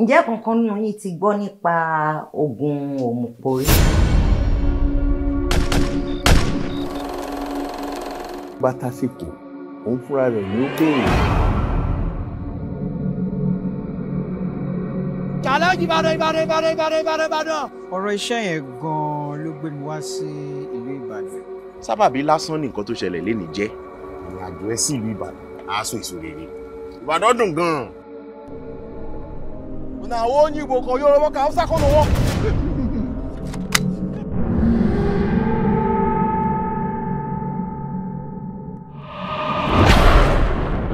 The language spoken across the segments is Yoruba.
ǹjẹ́ kankan nínú yín ti gbọ́ nípa oògùn òmùpòrí? bá tásìkò òun fúnra rẹ̀ ló béèrè. challenge Ìbàdàn Ìbàdàn Ìbàdàn Ìbàdàn Ìbàdàn Ìbàdàn. ọ̀rọ̀ iṣẹ́ yẹn gan-an ló gbé mi wá sí ìlú Ìbàdàn. sábàbí lásán ni nǹkan tó ṣẹlẹ̀ lénìí jẹ́. ìrìnàjò ẹ sí ìlú Ìbàdàn aṣọ ìṣòrèrè Ìbàdàn dùn gan-an na onye Igbo ka onye Oromo ka Hausa ka ụlọ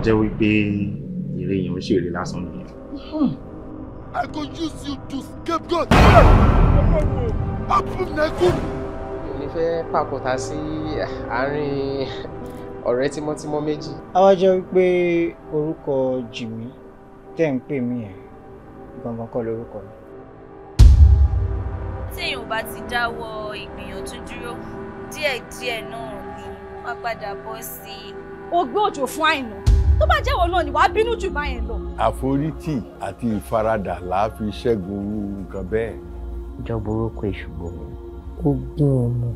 jẹ́ wípé ìrè èèyàn ń ṣèrè lásán nìyẹn. Hmm. I go use you to scapegoat. Abúnẹ́kùn. Èmi fẹ́ pàkóta sí àárín ọ̀rẹ́ tímọ́tímọ́ méjì. Àwa jẹ́ wípé orúkọ Jìmí tẹ̀ ń pè mí yẹn gbọ̀ngàn kọ́ lórúkọ mi. téèyàn bá ti dáwọ́ ìgbìyànjú dúró díẹ̀díẹ̀ náà ni wọ́n padà bọ́ sí i. ó gbé òjò fún àìná tó bá jẹ́wọ́ náà ni wàá bínú jù báyẹn lọ. àforítì àti ìfaradà làá fi ṣẹ́gun orú nǹkan bẹ́ẹ̀. ìjọba orúkọ ìṣùgbọ́n ó gún ọmọ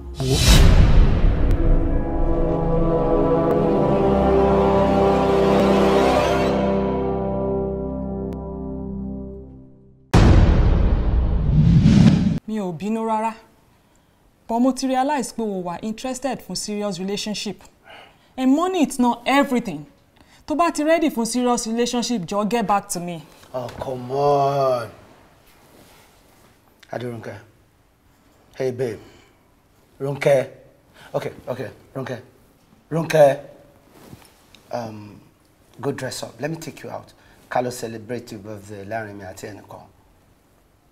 bínú rárá but mo ti realize pé o wà interested fún serious relationship and money it's not everything tó bá ti ready fún serious relationship jọ get back to me. oh come on Adérónkẹ́ hey babe runke. okay okay runke, runke. um, go dress up let me take you out ká celebrate your birthday láàrin mi àti ẹnìkan.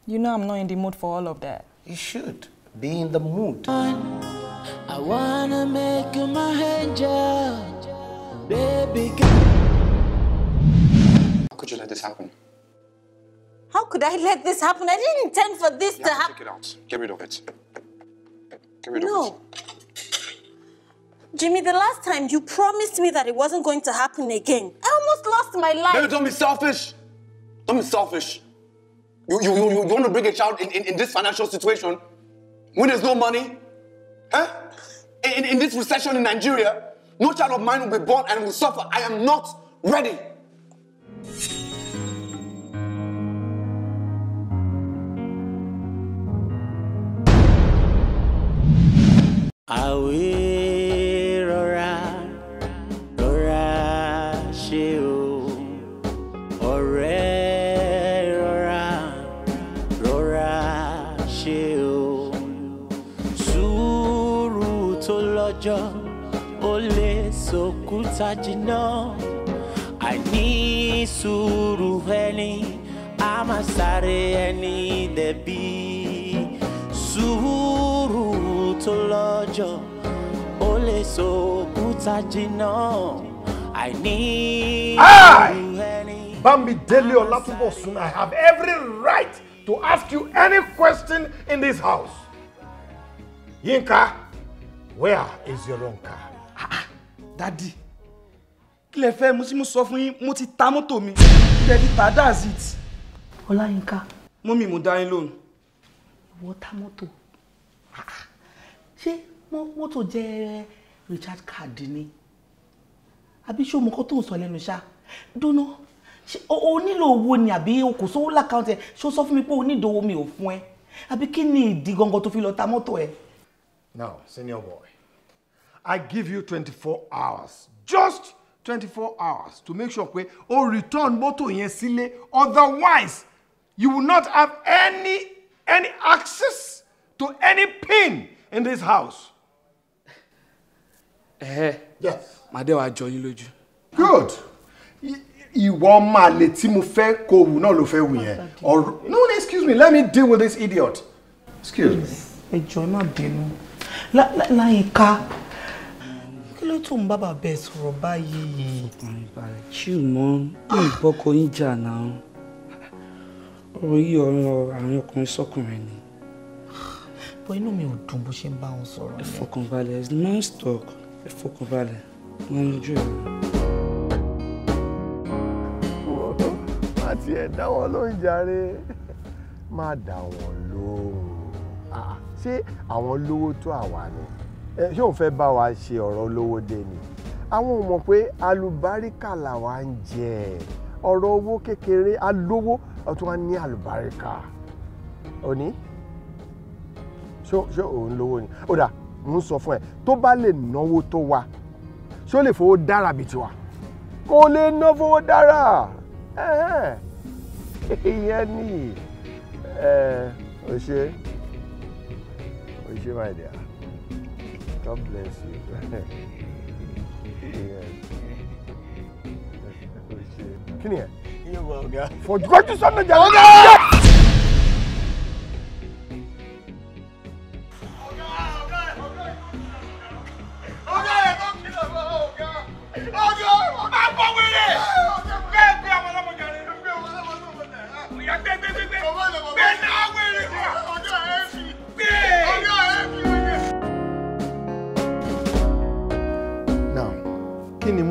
you know i'm not in the mood for all of that. You should be in the mood. I wanna make you my angel, baby girl. How could you let this happen? How could I let this happen? I didn't intend for this you to happen. Take it out. Get rid of it. Get rid no. of it. Jimmy, the last time you promised me that it wasn't going to happen again. I almost lost my life. Baby, don't be selfish. Don't be selfish. You, you, you, you want to bring a child in, in, in this financial situation when there's no money? Huh? In, in this recession in Nigeria, no child of mine will be born and will suffer. I am not ready. I will. tá jiná àní sùúrù ẹni a máa sáré ẹni dẹ̀bi sùúrù tó lọ́jọ́ ó lè so òkúta jiná àní sùúrù ẹni. I have every right to ask you any question in this house. Yinka, where is your own car? Ah, ah, Daddy, kí lẹ fẹ́ mo sì mo sọ fún yín mo ti ta mọ́tò mi ilẹ̀ ti ta that's it. ọláyínká. mọ́mì mo dá yín lóhùn. ìwọ ta mọ́tò ṣé mọ́tò jẹ́ richard card ni àbí ṣé o mọ kó tó ń sọ lẹ́nu ṣá dúnú o nílò owó ni àbí o kò sówó lákàntì ẹ ṣé o sọ fún mi pé o ní ìdòwò mi ò fún ẹ àbí kí ni ìdí gangan tó fi lọ ta mọ́tò ẹ. now senior boy i give you twenty-four hours just twenty four hours to make sure pé o return mọ́tò yẹn sílé otherwise you will not have any any access to any pin in this house. ẹ̀ẹ́ màdéwà jọ yín lójú. good ìwọ máa lè tí mo fẹ́ kó wù náà ló fẹ́ wù yẹn or no excuse me let me deal with this idiot excuse me. ẹ jọ̀ọ́ ẹ má bínú láyìíká. La, kí ló tó ń bá bàbá ẹ sọ̀rọ̀ báyìí. bàrẹ̀ ní ìbọ́kọ yín jà náà ọ̀rọ̀ yìí ọ̀rọ̀ àárín ọkùnrin sọ́kùnrin ni. bọ́ inú mi ò dùn bó ṣe ń bá wọn sọ̀rọ̀. ẹ fọkànbalẹ̀ ẹ máa ń stock ẹ fọkànbalẹ̀ wọn lójú ẹ̀. àti ẹ̀ wọn ló ń jàre má dá wọn lóhùn ah, ṣé àwọn lówó tó àwa ni ẹ ṣé òun fẹ́ bá wa ṣe ọ̀rọ̀ olówó dé ni àwọn ò mọ̀ pé alùbáríkà làwa ń jẹ ọ̀rọ̀ owó kékeré alówó ọtún wa ní alùbáríkà òní ṣó òun lówó ni ó dà mo ń sọ fún ẹ tó bá lè náwó tó wa ṣó lè fowó dára bí tiwa kò lè ná fowó dára ìyẹn nìyí ẹ ò ṣe ò ṣe máa dẹ̀ á. God bless you. Kí ni ẹ? Yóò welcome. For God to send jàrá náà.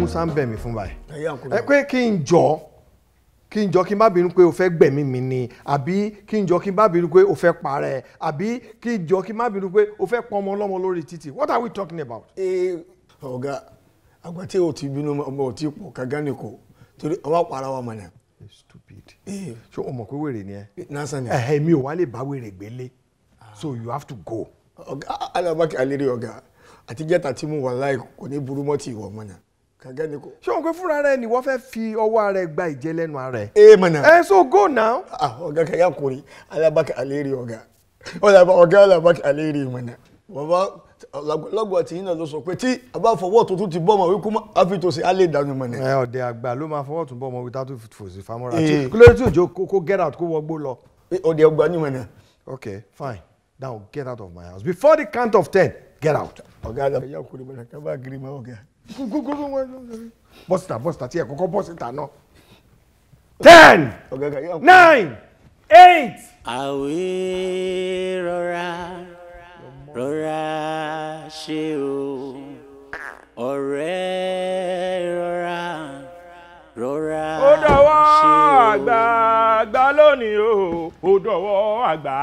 Musa ń bẹ̀ mí fún báyìí ẹ pé kí n jọ kí n jọ kí n bá bínú pé o fẹ́ gbẹ̀mí mi ni àbí kí n jọ kí n bá bínú pé o fẹ́ parẹ́ àbí kí n jọ kí n bá bínú pé o fẹ́ pọn ọmọ ọlọ́mọ lórí títì what are we talking about. ọ̀gá àgbà tí o ti bínú ọmọ ò ti pọ̀ kagani kò torí ọwọ́ para wa mọ̀ náà. stupid ṣé o mọ̀ pé wèrè ni ẹ. nasa ni. mi ò wá lè bá wèrè gbélé so you have to go. ọ̀gá alábàkẹ́ alẹ́ rí ọ̀gá kò ní burú mọ́ ti ìwọ̀ kàgẹ́ ni kò. ṣé òun pé fúnra rẹ ni wọ́n fẹ́ fi ọwọ́ rẹ gba ìjẹ lẹ́nu rẹ. ee mọ̀nà. ẹ so go now. Ah, ọ̀gá kẹ̀kẹ́ kùnrin alábàkẹ́ àlérí ọ̀gá ọ̀gá alábàkẹ́ àlérí mọ̀nà. bàbá lọ́gbọ̀ àti yín náà ló sọ pé tí a bá fọwọ́ tó ti bọ́ ọmọ wíkú a fi tòsí a lè dànù mọ̀nà. ẹ ọ̀dẹ àgbà ló máa fọwọ́ tún bọ́ ọmọ wíkú tó get out ọ̀gá àgbà kúrò mọ̀nà ká bá gírí mọ́ ọ̀gá bọ́sítà bọ́sítà tí ẹ̀ kọ́kọ́ bọ́sítà náà ten nine eight. àwé rọra rọra ṣe o ọ̀rẹ́ rọra rọra ṣe o. ó dọ̀wọ́ lónìí o ó dọ̀wọ́ àgbà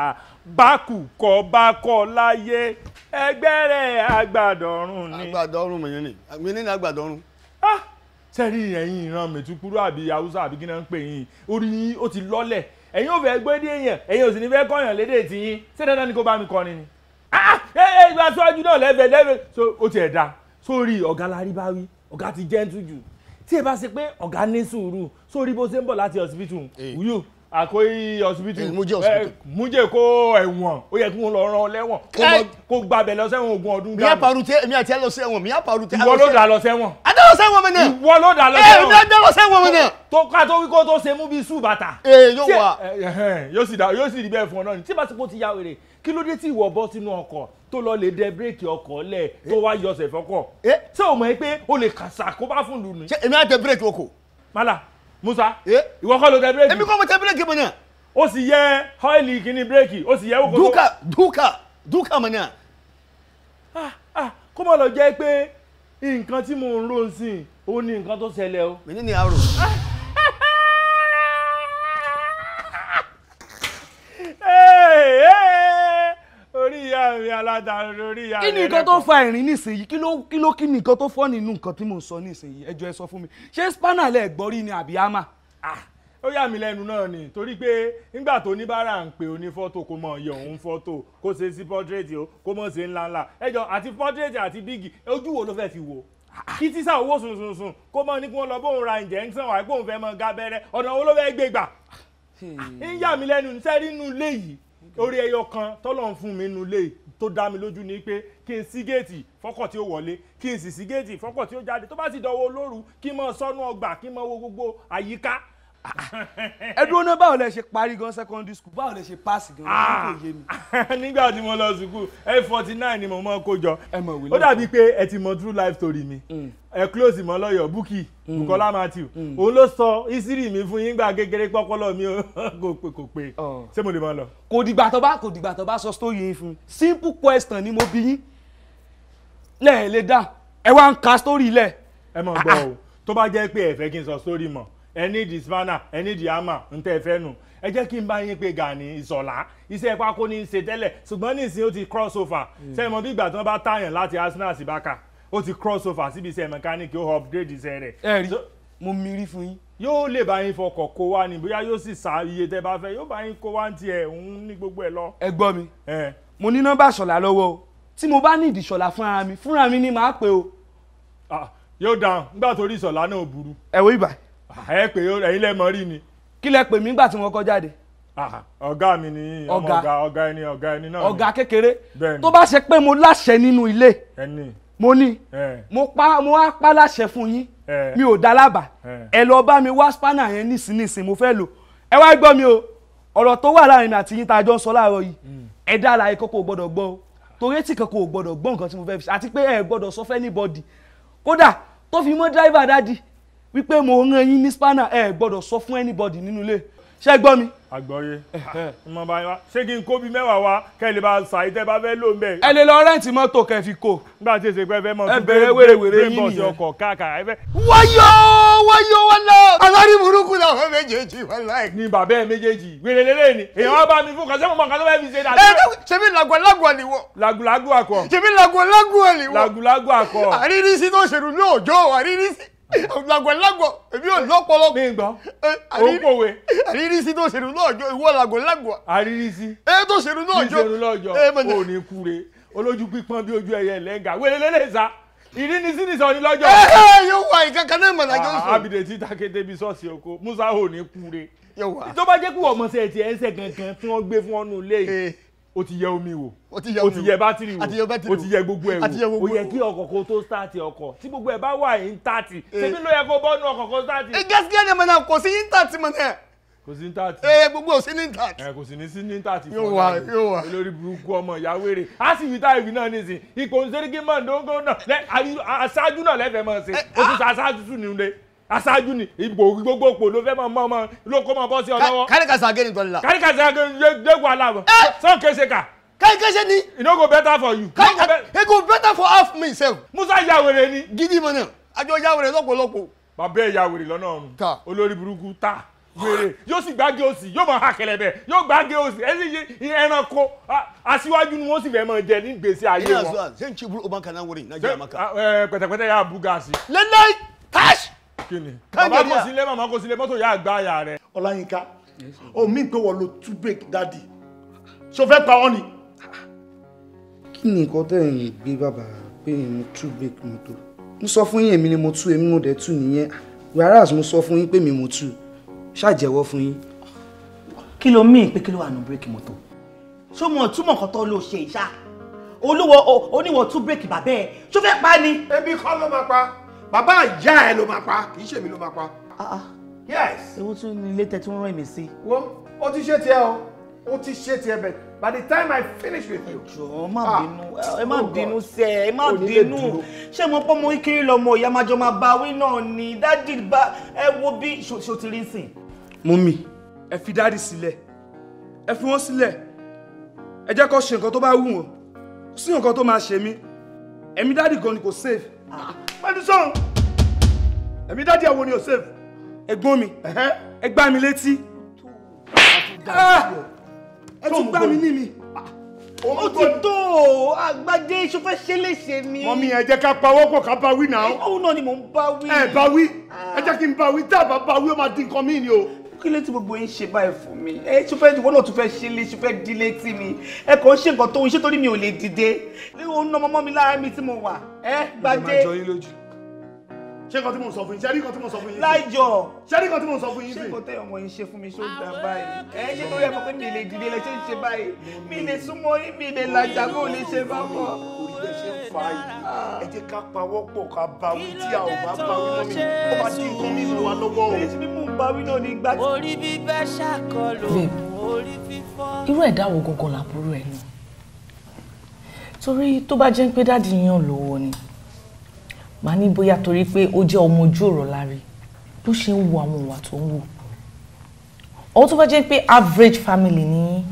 bákù láyé ẹgbẹ́ rẹ̀ àgbàdọ̀rùn ni. àgbàdọ̀rùn mi ni mi ní àgbàdọ̀rùn. sẹ́rí ah! ẹ̀yin ìran mẹ̀túkúrú àbí haúsá àbí gíná ń pè yín orí yín ó ti lọ́lẹ̀ ẹ̀yin ò fẹ́ gbé dé èèyàn ẹ̀yin ò sì ní fẹ́ kọ́yàn lédè tí yín ṣé dandan ni kó bá mi kọrin ni. Ah! ẹ ẹ ìgbà síwájú náà lẹ́fẹ̀ẹ́ lẹ́fẹ̀ẹ́ so ó tiẹ̀ da sórí ọ̀gá laríbáwí ọ̀gá ti jẹ́ńtú jù tí ẹ bá ṣe pé ọ̀gá ní sùúrù sórí bó ṣe ń bọ̀ láti hospital eh. wúyò àkóyí hospital mújẹ eh, kó ẹ̀wọ̀n ó yẹ kí wọn lọ rán lẹ́wọ̀n eh, kó gbàbẹ lọ sẹ́wọ̀n ogún ọdún dáná. mi àpàrù tẹ mi àti ẹ lọ sẹ́wọ̀n mi àpàrù tẹ. ìwọ ló dà lọ sẹ́wọ̀n. adé lọ sẹ́wọ̀n mi náà. ìwọ ló dà lọ sẹ́wọ̀n. ẹ ẹ dá lọ sẹ́wọ̀n mi náà. Eh, tó ká tó wíkó tó ṣe mú bí sùn bàtà. ee yóò wà. yóò sì dà yóò sì rí bẹ́ẹ̀ fún ọ náà ni tí bàtìpó ti yá wèrè kí ló dé tí ìwọ bọ́ sínú ọkọ̀ tó lọ lè dẹ bírèkì ọkọ̀ lẹ̀ tó wá yọsẹ̀ fọ́kọ̀. ṣé o mọ̀ pé o lè kàṣà kó bá fún lùnú. ṣé èmi á dẹ bírèkì ọkọ̀. mala musa eh? ìwọ kọ́ ló tẹ bírèkì. èmi kọ́ mo tẹ bírèkì mọ̀ náà. ó sì yẹ ọ́ìlì kìíní bírèkì ó sì yẹ owó kókó. dúkà Duka, dúkà mọ̀ náà. Ah, ah, kó mọ̀ lọ jẹ́ pé nǹkan tí mò ń rò sí òun ni nǹkan tó ṣẹlẹ̀ o. mi ní ni a rò. Ah, ìyá mi aládàá lórí ìyá mi. kí ni nǹkan tó fa ẹ̀rín nísìnyí kí ló kí ló kí ni nǹkan tó fọ́ nínú nǹkan tí mò ń sọ nísìnyí ẹ jọ̀ọ́ ẹ sọ fún mi ṣé spanner lẹ gbọ́ rí ni àbí ama. ó yà mí lẹ́nu náà ni torí pé nígbà tó oníbàárà ń pe onífọ́tò kó mọ̀ yẹ òun fọ́tò kó ṣe sí portrait o kó mọ̀ ṣe ńláńlá ẹ jọ̀ọ́ àti portrait àti bíìgì ojú wo ló fẹ́ fi wò kí tísà owó sùnsùnsùn kó mọ ní kí wọn lọ bóun ra ǹjẹ́ ń sàn wá fẹ́ mọ gábẹ́rẹ́ ọ̀nà wo ló fẹ́ gbégbà ń hmm. yà mí lẹ́nu sẹ́rí nù léyìí orí ẹyọ kan tọ́lọ̀ ń fún mi nu lé tó dá mi lójú ni pé kí n sí géètì fọ́kọ̀ tí ó wọlé kí n sì sí géètì fọ́kọ̀ tí ó jáde tó bá sì dọ̀wọ́ olóru kí n mọ sọ́nù ọgbà kí n mọ wo gbogbo àyíká Ah, ah. ẹ dúró náà báwo lẹ ṣe parí gan secondary school báwo lẹ ṣe pass gan kò yé mi. Ah, nígbà tí mo lọ sùkúù eight forty nine ni mo mọ kó jọ ó dàbí pé ẹ ti mọ true life story mi mm. ẹ close mọ lọyọ Bukky mm. Bukola Matthew mm. òun ló sọ ìsírí mi fún yín gbà kékeré pọpọlọ mi kò pé kò pé ṣé mo lè máa lọ. kò dìgbà tó bá kò dìgbà tó bá sọ story yín fún simple question ni mo bí yín lẹ́ẹ̀ lè dá ẹ wá ń ka story lẹ̀. ẹ mọ̀ gbọ́ o tó bá jẹ́ pé ẹ fẹ́ kí n sọ story mọ́ ẹ ní di spanner ẹ di hammer ń tẹ́ ẹ fẹ́ nù ẹ jẹ́ kí n bá yín pé Gani Ìṣọ̀lá iṣẹ́ pákó ní í ṣe tẹ́lẹ̀ ṣùgbọ́n nísìnyí ó ti cross over hmm. ṣe mọ bí ìgbà tí wọ́n bá tààyàn láti Arsenal sí Barca ó ti cross over síbi iṣẹ́ mechanic ó upgrade iṣẹ́ rẹ̀. ẹ rí mo mirí fún yín. yóò lè bá yín fọkọ̀ kó wá ní bóyá yóò sì sa iye tẹ́ bá fẹ́ yóò bá yín kó wá ní tiẹ̀ òun ní gbogbo ẹ̀ lọ. ẹ gbọ́ mi mo ní nọ́mbà Ṣọ̀lá lọ́wọ́ o tí mo bá ní ìdìṣọ̀lá fúnra mi fúnra mi ni màá pè o. Ah, yóò dáhùn nígbà tó rí Ìṣọ̀lá náà burú. ẹ wo ibà ẹ pé ẹ̀yin lẹ mọ̀ rí ni. kí lẹ pè mí nígbà tí wọ́n kọ́ jáde. ọ̀gá mi ni ọmọ ọ̀gá ọ̀gá ẹni ọ̀gá ẹni náà. ọ̀gá kékeré tó bá ṣe pé mo láṣẹ nínú ilé mo ní mo pa mo wá pa láṣẹ fún yín mi ò dá lábàá ẹ lọ bá mi wá spanner yẹn nísinsìnyí mo fẹ́ lò ẹ wá gbọ́ mi o ọ̀rọ̀ tó wà láàrin mi àti yín tá a jọ ń sọ láàárọ̀ yìí hmm. ẹ dá àlàyé kókó gbọ́dọ̀ gbọ́ o torí etí kankan ò gbọ́dọ̀ gbọ́ nǹkan tí mo fẹ́ fi ṣe àti pé ẹ gbọ́dọ̀ sọ fẹ́ anybody kódà tó fi mọ́ driver dádì wípé mo ń rán yín ní spanner ẹ gbọ́dọ̀ sọ fún anybody nínú ilé ṣé gbọ́ mi. àgbọ̀yé eh, ah, eh. mo bá wa ṣé kí n kó bíi mẹ́wàá wá kẹ́ ẹ lè bá ṣàyí tẹ́ bá fẹ́ lò ń bẹ̀. ẹ lè lọ rẹ́ǹtì mọ́tò kẹ́ ẹ fi kó. nígbà tí èsè pẹ́ fẹ́ mọ̀ tún bẹ́ẹ̀ wèrèwèrè yín nìyẹn. wáyọ̀ wáyọ̀ wọn lọ. alárí burúkú làwọn méjèèjì wọn ni bàbá ẹ méjèèjì wèrè lélẹ̀ ni èèyàn wá bá mi fún kàṣẹ́ mọ̀ kàṣẹ́ bẹ́ẹ̀ fi ṣe dáadáa. ṣebí lagolago àníwọ̀. lagolago akọ. ṣebí lagolago àníwọ̀. lagolago akọ. àrírísí tó ṣèlú lóòjó làgọ̀ làgọ̀ èmi ò lọ́pọlọ. mi gbọ́ o kòwe. àrírí sí tó ṣèlú náà jọ ìwọ làgọ̀ làgọ̀. àrírí sí. ẹ tó ṣèlú náà jọ ṣèlú náà jọ kò ní kúre olójú pípọ́n bí ojú ẹyẹ lẹ́ngà wẹ́lẹ́ lẹ́lẹ́ sá ìdí ni sí ni sọ ni lọ́jọ́. yóò wá ìkankan náà mọ̀lá jọ sọ. Ah, abide ti takete bi sọ́ọ̀sì oko musa ò ní kúre. yóò wá. tó bá jẹ́ pé ọmọ sẹ́ẹ̀ ti ẹ̀ ń sẹ́ gangan tí wọ́n gbé fún ọ o ti yẹ omi wò o ti yẹ bátìrì wò o ti yẹ gbogbo ẹ wò o yẹ kí ọkọ̀ kó tó stáàtì ọkọ̀ tí gbogbo ẹ bá wà ní tààtì eh. ṣebí ló yẹ kó bọ́ọ̀nù ọkọ̀ kó stáàtì. ẹ eh, gẹ́sì gẹ́sì mọ̀ náà kò sí ní tààtì mọ̀ náà. kò sí ní tààtì. ẹ gbogbo ò sí ní tààtì. ẹ eh, kò sí ní sí ní tààtì. yóò wà yóò wà. olórí burúkú ọmọ ìyáwérè a sì wí táyì náà nísìnyí ipò nsẹ́ríkì mọ̀ ndóńgó náà aṣáájú ni ìbò gbogbo òpò ló fẹ́ máa mọ ọmọ ló kó máa bọ́ sí ọ lọ́wọ́. káríkàsá agéni tọ́lẹ̀ la. káríkàsá agéni dé wàhálà wọn. sọ kése kà. káríkàsá ni. It no go better for you. káríkàsá e go better for half me sef. musa yawere ni. gidi mọ náà àjọ yawere lọ́pọ̀lọpọ̀. bàbá ẹ̀ yawere lọ́nà ọ̀run. ta olórí burúkú ta wèrè yóò sì gbági òsì yóò máa ha kẹlẹbẹ yóò gbági òsì ẹ sì ẹranko aṣíwájú ni wọn sì fẹẹ máa jẹ ní gbèsè ayé wọn. ṣé n ṣe buru ọba kan náà wọlé nàìjíríà maka. pẹtẹpẹtẹ yà á bú gaasi. lẹ́lẹ́ tash. Kini. bàbá kò sílé màmá kò sílé mọ́tò yá àgbá àyà rẹ. ọláyínká o mí pé wọ́n lo two break dadi ṣo fẹ́ pa wọ́n ni. kí ni nǹkan tẹ́ ẹ̀ ń gbé bàbá pé mo two break mọ́tò mo sọ fún yín èmi ni mo tú èmi mo dẹ̀ tú nìyẹn whereas mo sọ fún yín pé mi mo tú ṣàjẹ́wọ́ fún yín. kí ló mí pé kí ló wà nù break mọ́tò ṣó mo túmọ̀ nǹkan tó lò ṣe ìṣá olúwo oníwọ̀ tú break bàbá ẹ̀ ṣó fẹ́ pa ni. ebi kọ́ ló máa pa bàbá ìyá ẹ ló máa pa kì í ṣèmi ló máa pa. Ah, ah. yes. ewu tún ní ilé tẹ tí wọ́n rán èmi sí. wo ó ti ṣe tiẹ̀ o ó ti ṣe tiẹ̀ bẹ̀ by the time i finish with you. ẹjọ má ah, bínú ẹ má bínú sẹ ẹ má oh bínú ṣé mo pọ́ mo kiri lọ́mọ ìyá máa jọ máa bá wí náà ni dádì bá ẹ wo bí ṣo ti rí sìn. mummy ẹ fi dádì sílẹ̀ ẹ fi wọ́n sílẹ̀ ẹ jẹ́ kó ṣe nǹkan tó bá wù wọ́n sí nǹkan tó máa ṣe mí ẹ̀mí dádì gan ni kò save pẹ́ẹ́dù sọ̀rọ̀ ẹ̀mí dájú ẹ̀wò ni ò save. ẹ̀gbọ́n mi ẹ gbá mi létí. Ah! ẹ tún gbá mi ní mi. Ah! ó ti tó o àgbàdé iṣu fẹ́ ṣe léṣe ni. mọ mi ẹ jẹ́ ká pa wọ́pọ̀ ká bá wí náà. òun náà ni mò ń bá wí. ẹ bá wí ẹ ah. jẹ́ kí n bá wí tá a bá bá wí ó máa di nǹkan míì ni o kí ló ti gbogbo yín ṣe báyìí fún mi ẹ ṣe fẹ́ ìwọ náà tún fẹ́ ṣe lé ṣe fẹ́ dílé tì mí ẹ kàn ń ṣe nǹkan tó ń ṣe torí mi ò lè dìde òun náà mọ́mọ́ mi lára mi tí mo wà ẹ gbàdé. ìjọba jọ yín lójú ṣé nǹkan tí mo sọ fún yín ṣe rí nǹkan tí mo sọ fún yín. láìjọ ṣe rí nǹkan tí mo sọ fún yín sí. ṣé nǹkan tẹ ọmọ yín ṣe fún mi ṣó da báyìí. ẹ ṣe torí ẹ mọ̀ pé mi lè dìde lẹ ṣe ń ṣe báyìí mi lè súnmọ́ yín mi lè làjà kó lè ṣe bá wọn. orí ṣe ń fa yìí ah. ẹ jẹ́ ká pawọ́ pọ̀ ká bá wí tí a ò bá bá wí mọ́ mi ó bá dín nǹkan mi lọ́wọ́ lọ́wọ́ o. orí bíbẹ́ ṣàkọlù orí fífọ́. irú ẹ̀dá wo gangan làbúrò ẹ̀ náà torí tó bá jẹ́ pé dáàdi yín lówó ni màá ní bóyá torí pé ó jẹ́ ọmọ ojú ọ̀rọ̀ láre bó ṣe ń wo àwọn ìwà tó ń wò ó tó bá jẹ́ pé average family ni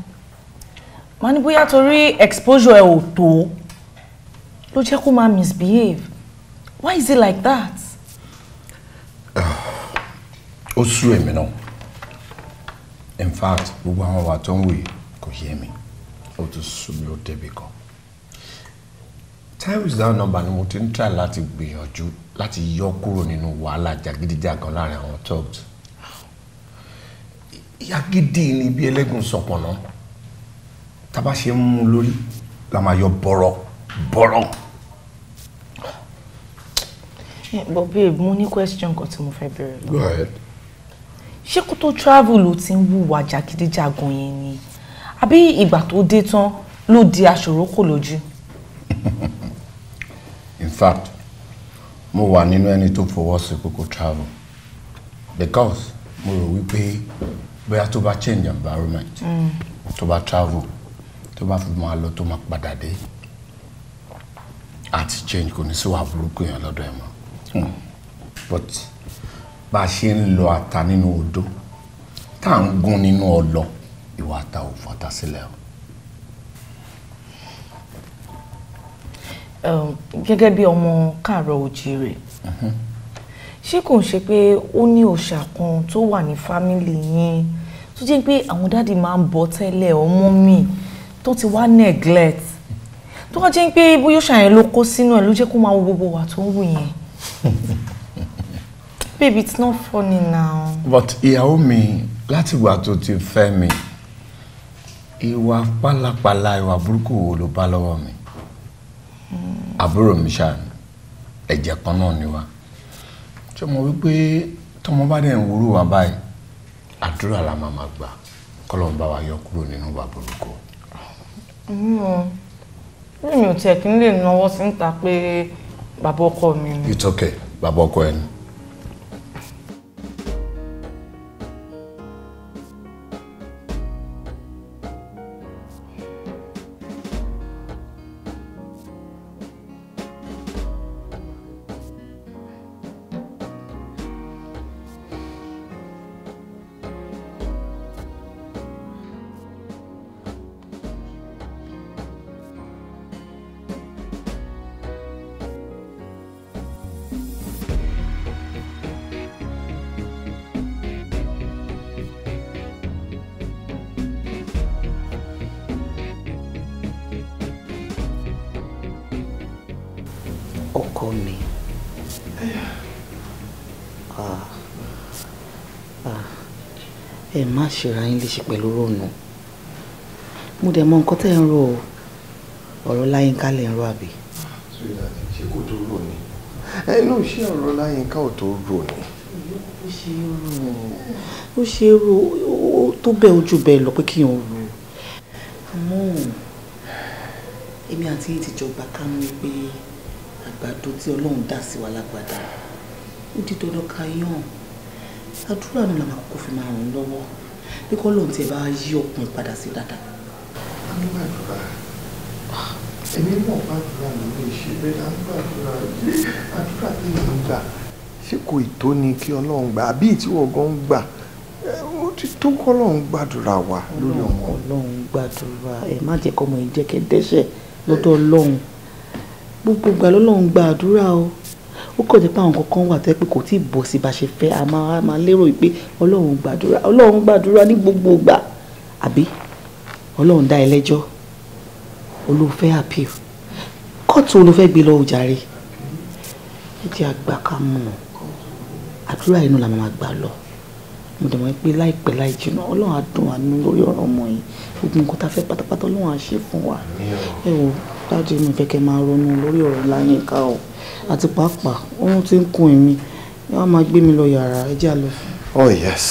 màá ní bóyá torí exposure ẹ̀ ò tó ló jẹ́ kó máa misbehave why is it like that. ó sú èmi náà in fact gbogbo àwọn ìwà tó ń wò yìí kò yé mi ó tún sú mi ó débi kan times down number ni mo ti ń try láti gbìyànjú láti yọ kúrò nínú wàhálà jàgídíjàgan láàrin àwọn thugs yagidi ni bí ẹlẹ́gùn sọ̀pọ̀nà tábà ṣe ń mú lórí la máa yọ bọ̀rọ̀ bọ̀rọ̀. but babe mo ní question kan tí mo fẹ́ bẹ̀rẹ̀ lọ. go ahead. ṣé kó tó travel ló ti ń wùwà jàgídíjàgan yẹn ni àbí ìgbà tó dé tán ló di aṣòro kò lójú. in fact mo wà nínú ẹni tó fọwọ́ sí kókó travel because mo rò wípé bóyá tó bá change environment mm. tó bá travel tó bá fi máa lọ tó máa padà dé àti change kò ní sí wàá burúkú yẹn lọ́dọ̀ ẹ̀ mọ́ hmm. but bá a ṣe ń lọ ata nínú odó tá à ń gún nínú ọlọ ìwà ata ò fọta sílẹ̀ o. Ehm, gẹ́gẹ́ bí ọmọ káàárọ̀ òjìrè uh-huh. ṣé kò ń ṣe pé ó ní òòṣà kan tó wà ní fámìlì yín tó jẹ́ pé àwọn dáàdì máa ń bọ tẹ́lẹ̀ ọmọ mi tó ti wá neglect tó wá jẹ́ pé bóyá òòṣà yẹn ló kó sínú ẹ̀ ló jẹ́ kó máa wo gbogbo wà tó ń wù yẹn babe it's not funny now. but ìyàwó mi látìgbà tó ti fẹ́ mi ìwà pálapàla ìwà burúkú wo ló bá lọ́wọ́ mi àbúrò mi ṣáà ẹ̀jẹ̀ kan náà ni wa ṣé mo wípé tọmọ bá dẹ̀ ń wúrú wa báyìí àdúrà la máa máa gbà kọ́lọ̀ ń bá wa yọ kúrò nínú wa mi ò tiẹ̀ kí n lè náwó sí pé bàbá ọkọ mi ni. it's okay bàbá ọkọ ẹni ṣera yín léṣe pẹ̀lú rònú mo dẹ̀ mọ nǹkan tẹ́ ń rò ó ọ̀rọ̀ láyínká lè ń rò àbí. ṣé kò tó rò ní ẹnu ṣé ọ̀rọ̀ láyínká ò tó rò ní. ó ṣe é rò ó ṣe é rò ó tó bẹ́ẹ̀ ojú bẹ́ẹ̀ lọ pé kí n rò àmọ́ èmi àti yìí ti jọba ká mú pé àgbàdo tí ọlọ́run dá sí wa lágbàdá ó di dandan ká yàn àdúrà ni làwọn àkókò fi máa ràn lọ́wọ́ bí kọ́ lóun tiẹ̀ bá yí ọkùnrin padà sí dáadáa. a ń gbàdúrà èmi náà gbàdúrà ló lè ṣe bẹ́ẹ̀ a ń àdúrà tí mo ń gbà ṣé kò ìtó ni kí ọlọ́run gbà àbí ìtiwọ̀ gan gbà ó ti tó kọ́ ọlọ́run gbàdúrà wa lórí ọmọ. ọlọ́run gbàdúrà ẹ má jẹ́ kọ́mọ ìjẹ́kẹ́ dẹ́ṣẹ̀ lọ́dọ̀ ọlọ́run gbogbo ìgbà lọ́lọ́run gbàdúrà o ó kàn jẹ́ pé àwọn kankan wà tó yẹ pé kò tí ì bọ̀ sí bá ṣe fẹ́ a máa máa lérò pé ọlọ́run gbàdúrà ọlọ́run gbàdúrà ní gbogbo ìgbà àbí ọlọ́run dá ẹlẹ́jọ́ olóòfẹ́ appeal kóòtù olóòfẹ́ gbé lọ òjàre ẹ jẹ́ àgbà ká mú un àdúrà inú la máa gbà lọ mo dẹ̀ mọ̀ pé láìpẹ́ láì jìnnà ọlọ́run á dùn àánú lórí ọ̀rọ̀ ọmọ yìí gbogbo nǹkan tá a fẹ́ pátápátá ọlọ́run á ṣe fún wa ẹ wò ó dáàdi mi fẹ́ máa ronú lórí ọ̀rọ̀ Láyínká o àti pàápàá ohun tí ń kun èmi wọ́n máa gbé mi lọ yàrá ẹ jẹ́ àlọ́. Oh yes,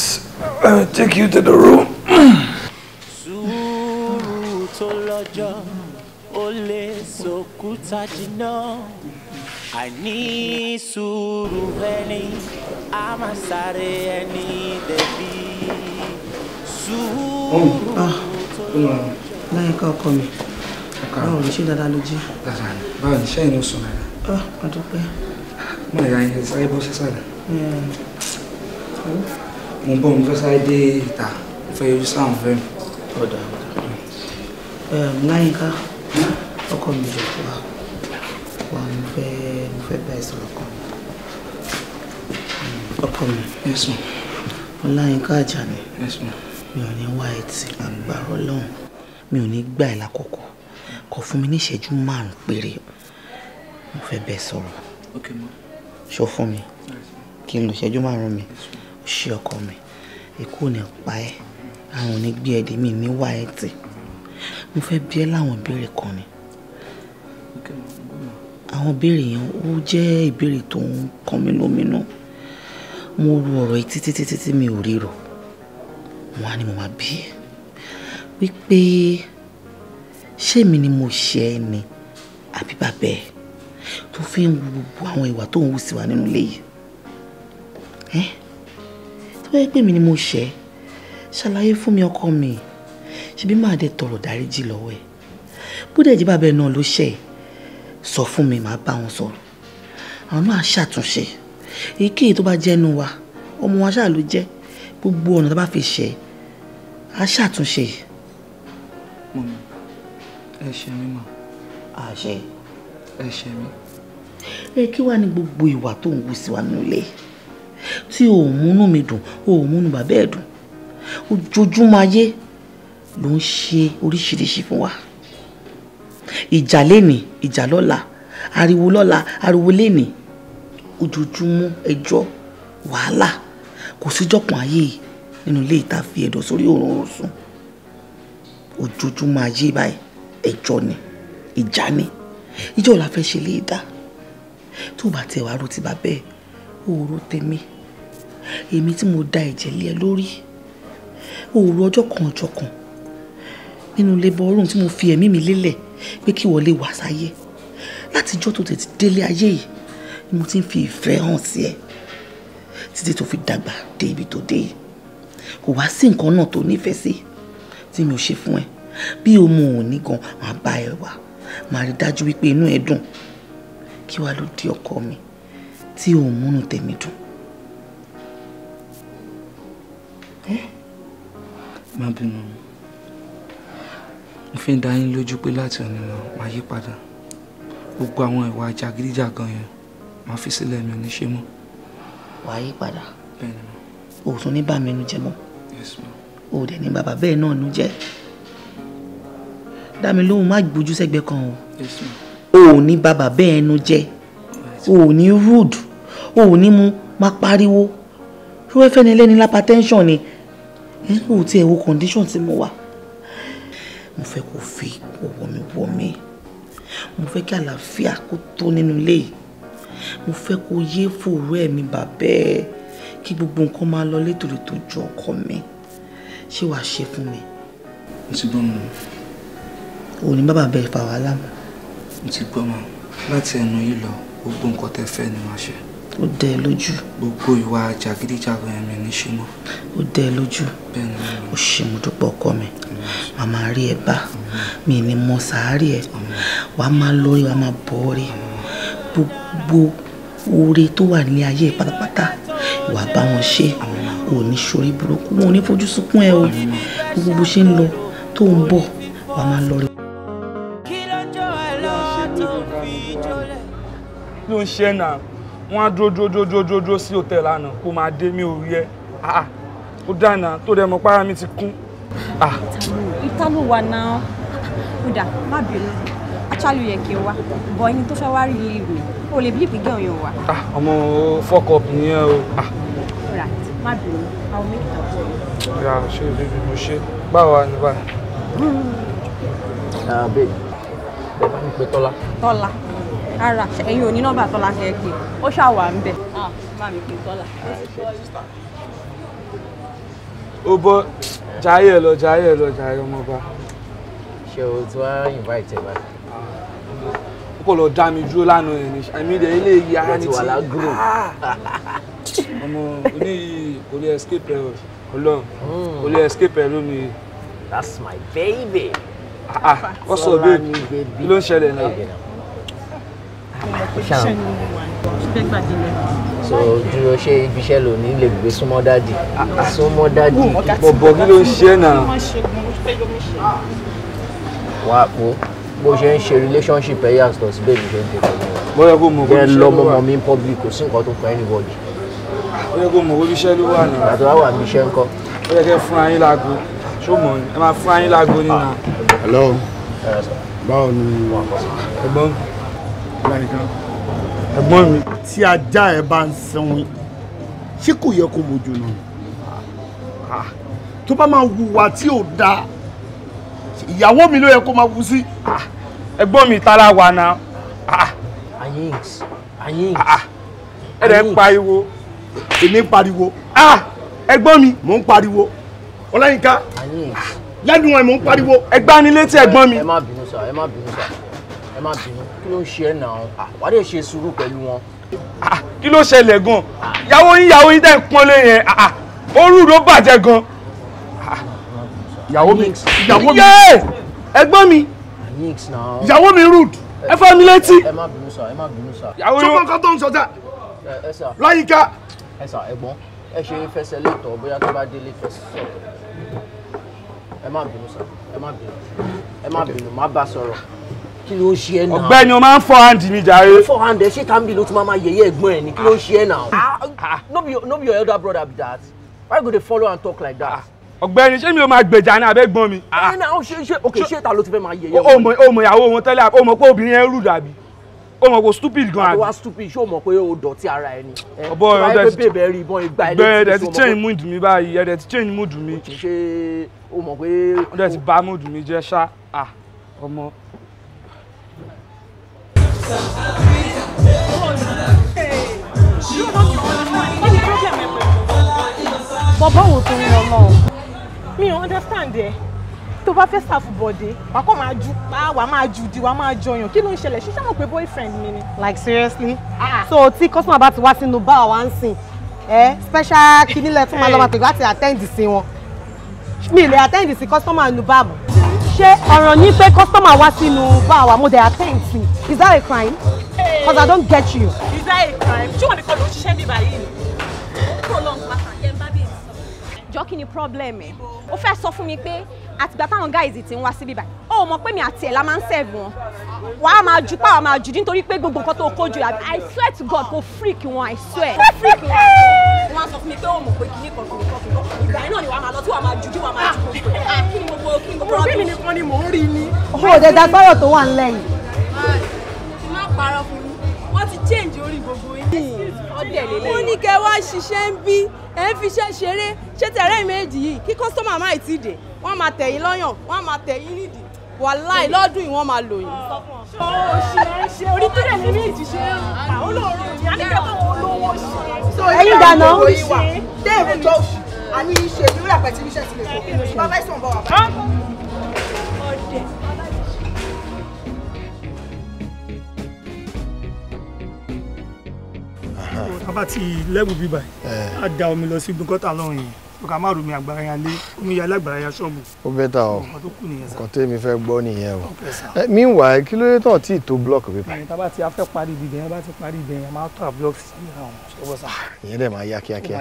I will take you to the room. sùúrù tó lọ́jọ́ ó lè sòkúta jìnnà àní sùúrù ẹni a máa sáré ẹni dẹ̀bi sùúrù tó lọ́jọ́. Láyínká ọkọ mi báwo ni ṣé dáadáa ló jí. dáadáa ni báwo ni sẹ́yìn ló sùn náà. ọ ah, àdúpẹ́. mo lè ra ẹyin sáré bọ́ sísàlẹ̀. mo ń bọ̀ mo fẹ́ sáré dé ìta mo fẹ́ yọjú sáà mo fẹ́ mi. ọ̀dà láyínká ọkọ mi jọ wá wá mo fẹ́ mo fẹ́ bá ẹ sọ̀rọ̀ kan ọkọ mi. ẹ̀sùn. ọláyínká àjàní. ẹ̀sùn. mi ò ní wá ẹtì àgbàrọ̀ lọ́hùn mi ò ní gbà ẹ́ lákòókò kọ fún mi ní ìṣẹ́jú márùn-ún péré mo fẹ́ bẹ́ẹ̀ sọ̀rọ̀ ṣó fún mi kí n lo ìṣẹ́jú márùn-ún mi ó ṣe ọkọ mi ikú ò ní pa ẹ́ àwọn ò ní gbé ẹ dé mi ní wá ẹ tì mo fẹ́ bi ẹ́ láwọn ìbéèrè kan ni àwọn ìbéèrè yẹn ó jẹ́ ìbéèrè tó ń kan mi lóminú mo ru ọ̀rọ̀ yìí títí títí tí mi ò rí rò wọ́n á ní mo máa bí ẹ wípé ṣé mi ni mo ṣe ẹ ni àbí bàbá ẹ tó fi ń wu gbogbo àwọn ìwà tó ń wù sí wa nínú ilé yìí ẹ tó yẹ pé mi ni mo ṣe ẹ ṣàlàyé fún mi ọkọ mi ṣebí máa dé tọrọ dáríjì lọ́wọ́ ẹ bódà ìjì bàbá ẹ náà ló ṣe ẹ sọ fún mi màá bá wọn sọ̀rọ̀ àwọn náà ṣàtúnṣe èyíkéyìí tó bá jẹ́nu wa ọmọ wa ṣáà ló jẹ́ gbogbo ọ̀nà tó bá fi ṣe á ṣàtúnṣe. mọ̀mọ́ ẹ ṣe mí mà. àṣẹ. ẹ ṣe mí. ẹ kí wàá ní gbogbo ìwà tó ń wù sí wa nínú ilé tí ò ń múnú mi dùn ò ń múnú bàbá ẹ dùn ojoojúmọ́ ayé ló ń ṣe oríṣiríṣi fún wa ìjà lénìí ìjà lọ́la ariwo lọ́la ariwo lénìí ojoojúmọ́ ẹjọ́ wàhálà kò síjọpọ̀ ayé nínú ilé ìta fi ẹ̀dọ̀ sórí òórùn sùn ojoojúmọ́ ayé báyìí ẹjọ́ ni ìjà ni ìjọ la fẹ́ ṣe lè dá tó bá tiẹ̀ wá ro ti bá bẹ́ẹ̀ òòrò tèmi èmi tí mo da ẹ̀jẹ̀ lé ẹ lórí òòrò ọjọ́ kan ọjọ́ kan nínú labour room tí mo fi ẹ̀mí mi lélẹ̀ pé kí wọ́n lè wà sáyé láti ijọ́ tó tètè délé ayé yìí ni mo ti ń fi ìfẹ́ hàn sí ẹ títí tó fi dàgbà dé ibi tó dé yìí kò wá sí nǹkan náà tó nífẹ̀ẹ́ sí tí mi ò ṣe fún ẹ bí o mọ òní gan máa bá ẹ wá máa rí dájú wípé inú ẹ dùn kí wàá ló di ọkọ mi tí ò ń múnú tèmi dùn. má bínú mo fi ń dá yín lójú pé láti òní lọ máa yí padà gbogbo àwọn ìwà jàgídíjàgan yẹn máa fi sílẹ̀ mi ò ní ṣe mọ́. wàá yí padà òtún ní bá mi nu jẹ mọ́ o dẹ̀ ní bàbá bẹ́ẹ̀ náà nu jẹ́ dá mi lóhùn má gbójú sẹ́gbẹ́ kan o o ò ní ba bàbá ẹnu jẹ́ o ò ní rude o ò ní mu má pariwo ṣé wẹ́ẹ́ fẹ́ni lẹ́ni lápá tẹ́ńsọ̀n ni ẹ ò tiẹ̀ wo condition tí mo wà mo fẹ́ kó fi ọwọ́ mi wọ̀ mí mo fẹ́ kí àlàáfíà kó tó nínú ilé yìí mo fẹ́ kó yé fòrò ẹ̀mí bàbá ẹ̀ kí gbogbo nǹkan máa lọ létòlétò ju ọkọ mi ṣé wàá ṣe fún mi. mo ti gbọ́ mi. O ní bàbá bẹ fà wàhálà mọ́. mo ti gbọ́ mọ́ láti ẹnu yìí lọ gbogbo nǹkan tẹ fẹ́ ni màá ṣe. ó dẹ ẹ lójú. gbogbo ìwà jàgídíjàgan ẹ̀mí ní ṣínú. ó dẹ ẹ lójú. bẹ́ẹ̀ ni mo ṣe mo dúpọ̀ ọkọ mi màmá rí ẹ bá mi ní mo sàárì ẹ wàá máa lórí wàá máa bọ̀ ọ́ rí gbogbo oore tó wà ní ayé pátápátá ìwà bá wọn ṣe ò ní ṣorí burúkú wọn ní fojú sunkún ẹ o gbogbo bó ṣe ń lọ tó ń bọ̀ wàá máa lọ rí. kí ló ń ṣe náà wọ́n á dúró dúró dúró dúró dúró sí hòtẹ́ẹ̀lì lánàá kó máa dé mi ò rí ẹ ah, ah. ó dáná tó dẹ mọ pára mi ti kún. Ah. ìta ló wà náà kódà má bínú actually yẹ kí n wá bọ ẹni tó fẹ́ wá rí ilé mi ò lè bílíìpì gẹ̀ ọ̀yàn wá. ọmọ fọkọ nìyẹn o. right má bínú àwọn méjì tó wọ. ìyá ṣe bíbí mo ṣe báwo wà ní báyìí. Hmm. bẹ́ẹ̀ bá mi pe tọ́lá. tọ́lá ara ẹ̀yin ò ní nọ́mbà tọ́lá kẹ́ pé ó ṣàwà ń bẹ̀ má mi pè lọ jayé lọ jayé ọmọba. ṣé o tí wàá invite ẹ báyìí. kò lọ dá mi dúró lánàá yẹn ní àmì ilé yìí ara ní ti ah! ọmọ oníyì kò lè escape ẹ Ọlọ́run hmm. kò lè escape ẹ lónìí. that's my baby. wọ́n sọ bẹ́ẹ̀ kí ló ń ṣẹlẹ̀ náà mọ̀ pé iṣẹ́ ni mo wà ṣùgbọ́n gbàdé lọ. so dúró ṣe ibi iṣẹ́ lò ní lè gbé súnmọ́ dádì súnmọ́ dádì bọ̀bọ̀ kí ló ń ṣe náà. wà á bó ṣe ń ṣe relationship ẹ yàtọ̀ sí bẹ́ẹ̀ mi ṣe ń tẹ̀lé mi. bóyá kó mọ kó ṣe ló wà. bẹ́ẹ̀ lọ́mọ mi ń public kò sí nǹkan tó kọ anybody. bóyá kó mọ kó ṣe ló wà ní. àtọ́ àwọn àmì iṣẹ́ ń kọ́. ó yẹ fún ayín láago ṣó mọ̀ ẹ máa fún ayín láago nínú. báwo ni ẹ̀gbọ́n ẹ̀gbọ́n mi tí ajá ẹ bá ń sanwó ṣé kò yẹ kó mojú náà tó bá máa wùwà tí ò dáa ìyàwó mi ló yẹ kó máa wù sí. ẹ̀gbọ́n mi tara wà náà. ayéǹs ayéǹs. ẹ dẹ̀ ń pariwo. èmi ń pariwo. ẹ̀gbọ́n mi mò ń pariwo. ọláyínká lẹ́nu ẹ̀ mò ń pariwo. ẹgbanilétí ẹ̀gbọ́n mi. ẹ má bínú sá ẹ má bínú sá ẹ má bínú kí ló ń ṣe ẹ náà wà á lè ṣe sùúrù pẹ̀lú wọn. kí ló ṣẹlẹ̀ gan ìyàwó yín ìyàwó yín dẹ́n pọ́n lé yẹn òru ló bàjẹ́ gan. ìyàwó mi ìyàwó mi ẹ̀gbọ́n mi ìyàwó mi rude ẹ fẹ́ mi létí. ẹ má bínú sà ẹ má bínú sà. ìyàwó yóò sọ́kàn tó ń sọ dà láyìíká. ẹ sà ẹ̀gbọ́n ẹ ṣe fẹsẹ̀ létọ̀ bóyá tó bá délé fẹsẹ̀ sọ̀rọ̀ ẹ má bínú sà ẹ má bínú ẹ má bínú má bá sọ̀rọ̀ kí ló ṣe ẹ náà. ọ̀gbẹ́ni o máa ń fọ hand mi jàre. fọ hand ẹ ṣé tambi ló tún máa máa yẹ̀yẹ́ ẹ̀gbọ́n ẹ ni kí ló ṣe ẹ náà. Ah, ah, no be no be your elder brother be that why you go dey follow and talk like that. Ah, ọ̀gbẹ́ni ṣé mi ò máa gbèjà ní abẹ́gbọ́n mi. ẹ náà ṣe ṣe òkè ṣé ta ló ti fẹ́ máa yẹ̀yẹ́. o mọ ìyàwó wọn tẹ́lẹ̀ o mọ pé obìnrin yẹn rù dàbí o mọ̀ ko stupid gan abi. wá stupid ṣé o mọ̀ pé o dọ̀tí ara ẹni. ọbọ ẹ ọdẹ ti bẹ̀rẹ̀ rí ìbọn ìgbà ilé tí o mọ̀ pé. ẹ̀dẹ̀ ti change mood mi báyìí ẹ̀dẹ̀ ti change mood mi. ṣe o mọ̀ pé. ọdẹ ti bà mood mi jẹ́ ṣá ọmọ bọ́bọ́ wo tó ń lọ náà mi ò understand ẹ tó bá fẹ́ ṣàfùbọ̀dé wà kọ́ máa ju pa wà máa ju di wà máa jọyàn kí ló ń ṣẹlẹ̀ ṣíṣe mọ̀ pé boyfriend mi ni. like seriously ah. so tí customer bá ti wá sínú bá wa ń sìn ẹ special kínílẹ̀ fún ma lọ́wọ́ eh. pẹ̀lú láti attend sí wọn mi lè attend sí customer nù báàmù ṣé ọ̀ràn ní pé customer wá sínú bá wa mo dey attend sí is that a crime? because I don't get you. is that a crime? ṣé wọn nìkan ló ń ṣiṣẹ́ níbàyí? ó kúrò lọ́nà jọ kí ni problem ẹ̀ ó fẹ́ sọ fún mi pé àtìgbà táwọn guys ti ń wá síbí báyìí ó mọ̀ pé mi àti ẹ̀ la máa ń serve wọn wàá máa ju pàwọn máa jù nítorí pé gbogbo nǹkan tó kojú àbí i swear to god kò freak wọn i swear kò freak sọ fún mi pé ó mọ̀ pé kí kọ̀ọ̀kan ìgbà yẹn náà ni wàá máa lọ tí wàá máa jù tí wàá máa jù ah. kí ni gbogbo kí ni gbogbo rọ́bì mi nìkan ni mò ń rí ni. owó òdẹ̀dà gbọ́dọ̀ tó wà ńlẹ̀ yìí. ti change orí ẹ ń fi iṣẹ́ ṣeré ṣé tẹ̀rẹ́ méjì yìí kí kọ́sọ́mà má ì tí dé wọ́n máa tẹ̀ yín lọ́yàn wọ́n máa tẹ̀ yín nídìí wàláì lọ́dún yìí wọ́n máa lò yín. ṣé o ṣe ṣe orí tó dẹ̀ ní méjì ṣe àwọn olóòrùn yìí á ní kẹ́kọ̀ọ́ olówó ṣe. ẹyin dáná ó ṣe. dé èrò tó àní ṣe ìlú rẹ̀ pẹ̀tí iṣẹ́ sílẹ̀ fún tábà tí lẹ́bù bíbà yìí á da omi lọ sí gbọ́tà lọ́rùn yẹn ọkà má romi àgbàrá yẹn lé omi yẹn alágbàrá yẹn ṣọ́ọ̀bù. ó bẹ́tà ọ nǹkan tó èmi fẹ́ gbọ́ nìyẹn o meanwhile kí ló dé tán tí tó block bíbà. ẹ̀yin tábà tí a fẹ́ parí ibìdẹ̀ yẹn bá ti parí ibìdẹ̀ yẹn máa tọ́ à sí àwọn ìyẹn dẹ̀ máa yá kíákíá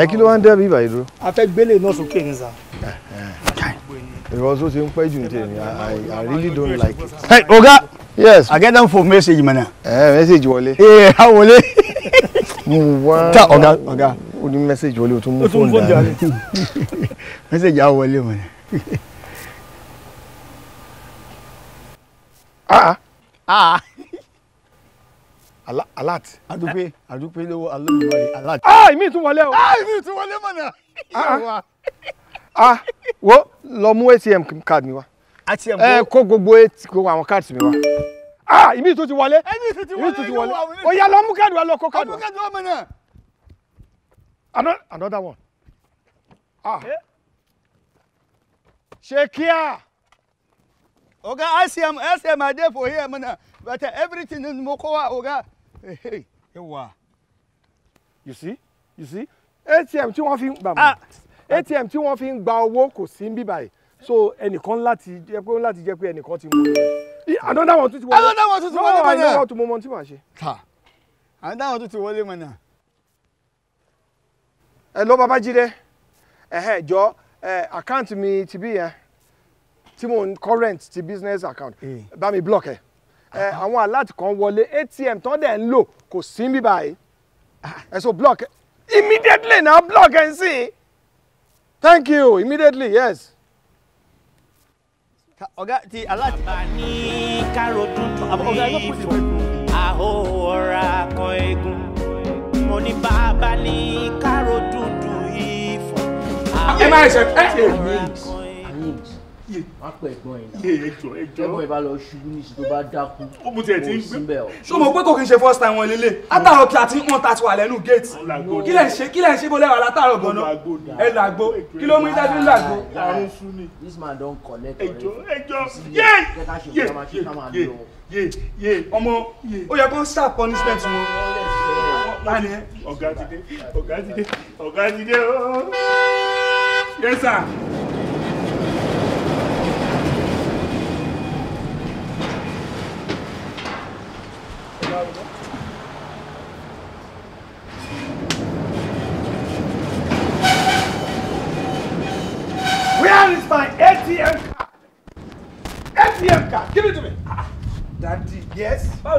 ẹ kí ló wá ń dẹ́ bíbà yìí dúró. a fẹ́ gbélé náà sókè ní sá. ìrọ̀ ti ń pẹ́ jù ní tèmi I really don't like it. ọ̀gá yes. I get them for message mana. ẹ eh, message wọlé. ẹ eh, á mo wá ta ọ̀gá ọ̀gá ó ní mẹ́sẹ̀gì wọlé o tún mú fóònù dání mẹ́sẹ̀gì á wọlé mọ̀ ni. Ah, ah. ah. alert. àdúpẹ́ àdúpẹ́ lówó alert. ah èmi tún wọlé o. ah èmi tún wọlé mọ̀ náà. ah wo lọ mú atm card mi wá. atm eh, wo ẹ kó gbogbo àwọn cards mi wá ah ìmí tó ti wọlé ìmí tó ti wọlé ó yá lọ mú kẹ́dùn lọ kó kẹ́dùn. àmúkẹ́dùn ọmọ náà. another one. ah ṣe eh? kíá. oga acm acm i dey for here mana but uh, everything is mo kó wa oga. ewa eh, you see you see atm tí wọ́n fi ń gbà mọ́ atm ah. tí wọ́n fi ń gba owó kò sí ń bíbáyìí so ẹnìkan láti jẹ́ pé láti jẹ́ pé ẹnìkan ti mú un another one tún ti wọlé another one tún ti wọlé mọ̀nà another one tún mọ̀mọ́ tí màá ṣe. ta another one tún ti wọlé mọ̀nà. ẹ lọ Babájídé ẹhẹ jọ ẹ àkáǹtì mi ti bí yẹn tí mo ń current ti business account eh. bá mi block ẹ ẹ àwọn alert kan wọlé ATM tán dẹ̀ ń lò kò sí bí báyìí ah. ẹ so block immediately Now block ẹ ń sìn thank you immediately yes ọ̀gá ti aláàtì. bàbá ní káró dúdú ìfò àhóhóra kan egun mo ní bàbá ní káró dúdú ìfò àhóhóra kan egun má pẹ ẹ̀gbọ́n ẹ náà ẹ̀gbọ́n ẹ bá lọ ṣubú níṣẹ tó bá dákú ó síbẹ o. ṣó mo pé kò kí n ṣe first time wọn lélẹ̀ látàrọ kí àti wọn tàti wà lẹ́nu gate kí lẹ ń ṣe kí lẹ ń ṣe bọlẹ wà látàrọ gan ẹ làgbo kí ló mú yín dájú làgbo. this man don collect ọrẹ ẹjọ́ ẹjọ́ yé yé ọmọ ó yẹ kó start punishment wọn láàánú ẹ. ọ̀gá ti dé ọ̀gá ti dé ọ̀gá ti dé ooo. yes sir.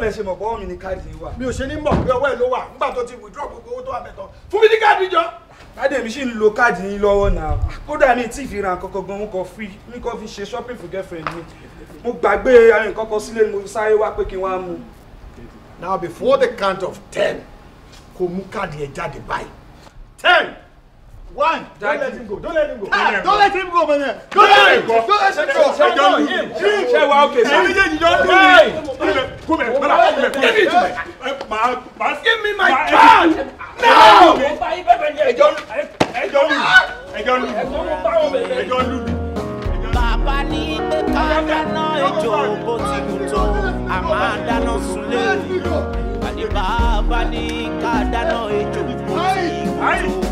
bẹ́ẹ̀ ṣe mọ̀ bọ́ọ̀ mi káàdì yìí mi ò ṣe ní mọ̀ pé ọwọ́ ẹ̀ ló wà ti withdraw gbogbo owó tó wà fún mi ní káàdì jọ. bàdé mi ń lo káàdì ni lọ́wọ́ náà kódà mi tí fi ra gan mo fi mi shopping for girlfriend mi mo gbàgbé àwọn nǹkan kan sílé mo sáré wá pé kí n wá mu. now the count of ten kò mú káàdì yẹn jáde ten One. Don't let him go. Don't let him go. don't let him go, man. Don't let him go. Don't let him go. Don't jọ lu yìí? Ṣé wa ok? Ṣé mi jẹ́ ìjọ lu yìí? Kú bẹ̀ bẹ̀rẹ̀ kú bẹ̀ kú bẹ̀ kú bẹ̀ ma give me my card now. Ẹjọ́ lu ẹjọ́ lu ẹjọ́ lu ẹjọ́ lu. Bàbá ní pé ká dáná ejò bó ti kú tó, a máa dáná sunlé. Bàdé bàbá ní ká dáná ejò bó ti kú tó.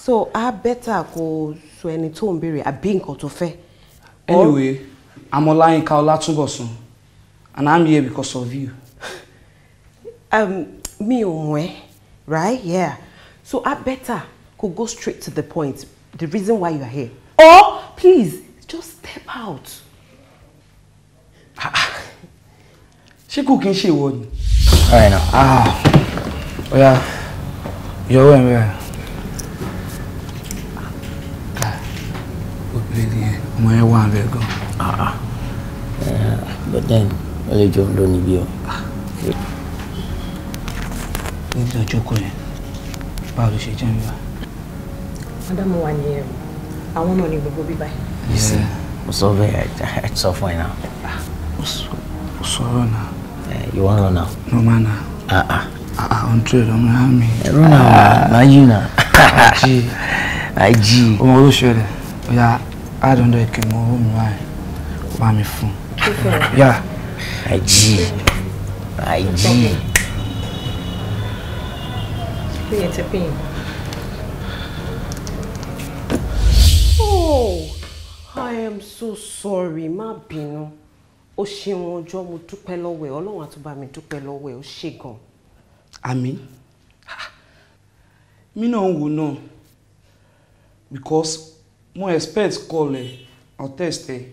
so I better go. sọ ẹni tó ń béèrè àbí nǹkan tó fẹ́. anyway I'm Olayinka Olatunbosun and I'm here because of you. um, me, umwe, right yeah so I better kó go straight to the point the reason why you're here Oh, please just step out. She cooking, she n ṣe ìwọ Ah, oh yeah, ọ̀ya yọ̀wọ́ ẹ̀ ọmọ yẹn wà bẹ́ẹ̀ gan. Ah, ah. Eh, but then wọ́n lè jọ lọ níbí o. níbi ọjọ́kọ yẹn báwo ló ṣe jẹ́ mi wá. mádàmú wa ni ẹrù àwọn náà ní gbogbo bíbá yìí. mo sọ bẹ́ẹ̀ ẹ sọ fún ẹ náà. mo sọ̀rọ̀ náà. Eh, you wan run now. no ma na. ah ah. ah hundred ah, ọmọ yà mí. Eh, run now na you na. ají. ají. ọmọ olóṣèlú ọ̀yà add hundred k mọ owó mi wáyé wá mi fún yà. àìjí àìjí. Oh, I am so sorry, má bínú. O ṣeun ọjọ́ mo dúpẹ́ lọ́wọ́ ẹ̀, Ọlọ́run á tún bá mi dúpẹ́ lọ́wọ́ ẹ̀, ó ṣe gan. Àmín. Mí náà ń wò náà because mo expect call ẹ or text ẹ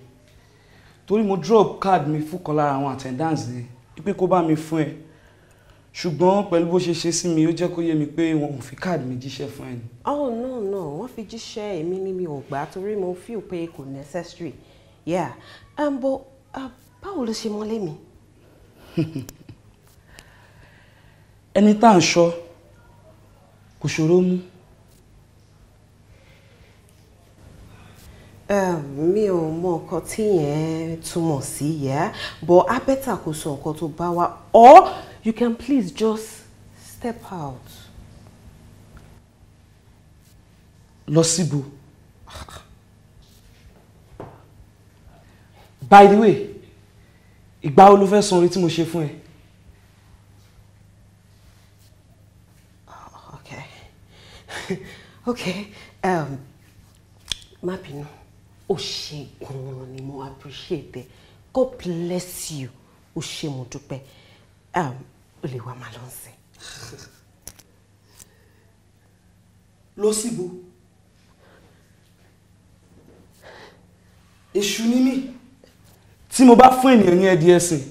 torí mo drop card mi fún kan lára àwọn attendants ni pé kó bá mi fún ẹ ṣùgbọ́n pẹ̀lú bó ṣe ṣe sí mi ó jẹ́ kó yé mi pé wọn ò fi card mi jíṣẹ́ fún ẹ ni. oh no no wọ́n fi jíṣẹ́ èmi ni mi ò gbà torí mo feel pé kò necessary yeah um, but uh, báwo ló ṣe mọ́lé mi. ẹni tá à ń sọ kò ṣòro mú. mi ò mọ nǹkan tí yẹn túmọ̀ sí yẹ but abẹ́tà kò sọ nǹkan tó bá wa or you can please just step out. lọ síbo by the way ìgbà wo ló fẹ́ san orí tí mo ṣe fún ẹ. Oh, okay okay um, má bínú o ṣe gan-an ni mo appreciate it God bless you o ṣe mo dúpẹ́ um, o lè wá máa lọ sí. lọ síbo èṣù ni mí tí mo bá fún ènìyàn ní ẹdí ẹsìn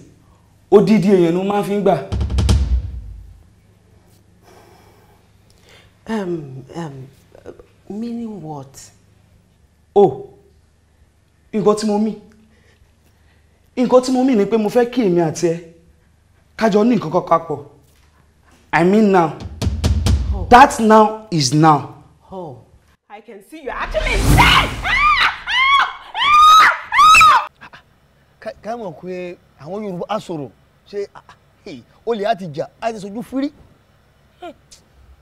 odidi èèyàn ni mo máa fi ń gbà. um um meaning what. oh nǹkan tí mo mí nǹkan tí mo mí ni pé mo fẹ́ kí èmi àti ẹ kájọ ní nǹkan kan papọ̀ i mean now oh. that now is now. Oh. i can see you actually dead. káyọ̀ mọ̀ pé àwọn yorùbá á sọ̀rọ̀ ṣé ah, ah, olè á ti jà á ti sojú fúrí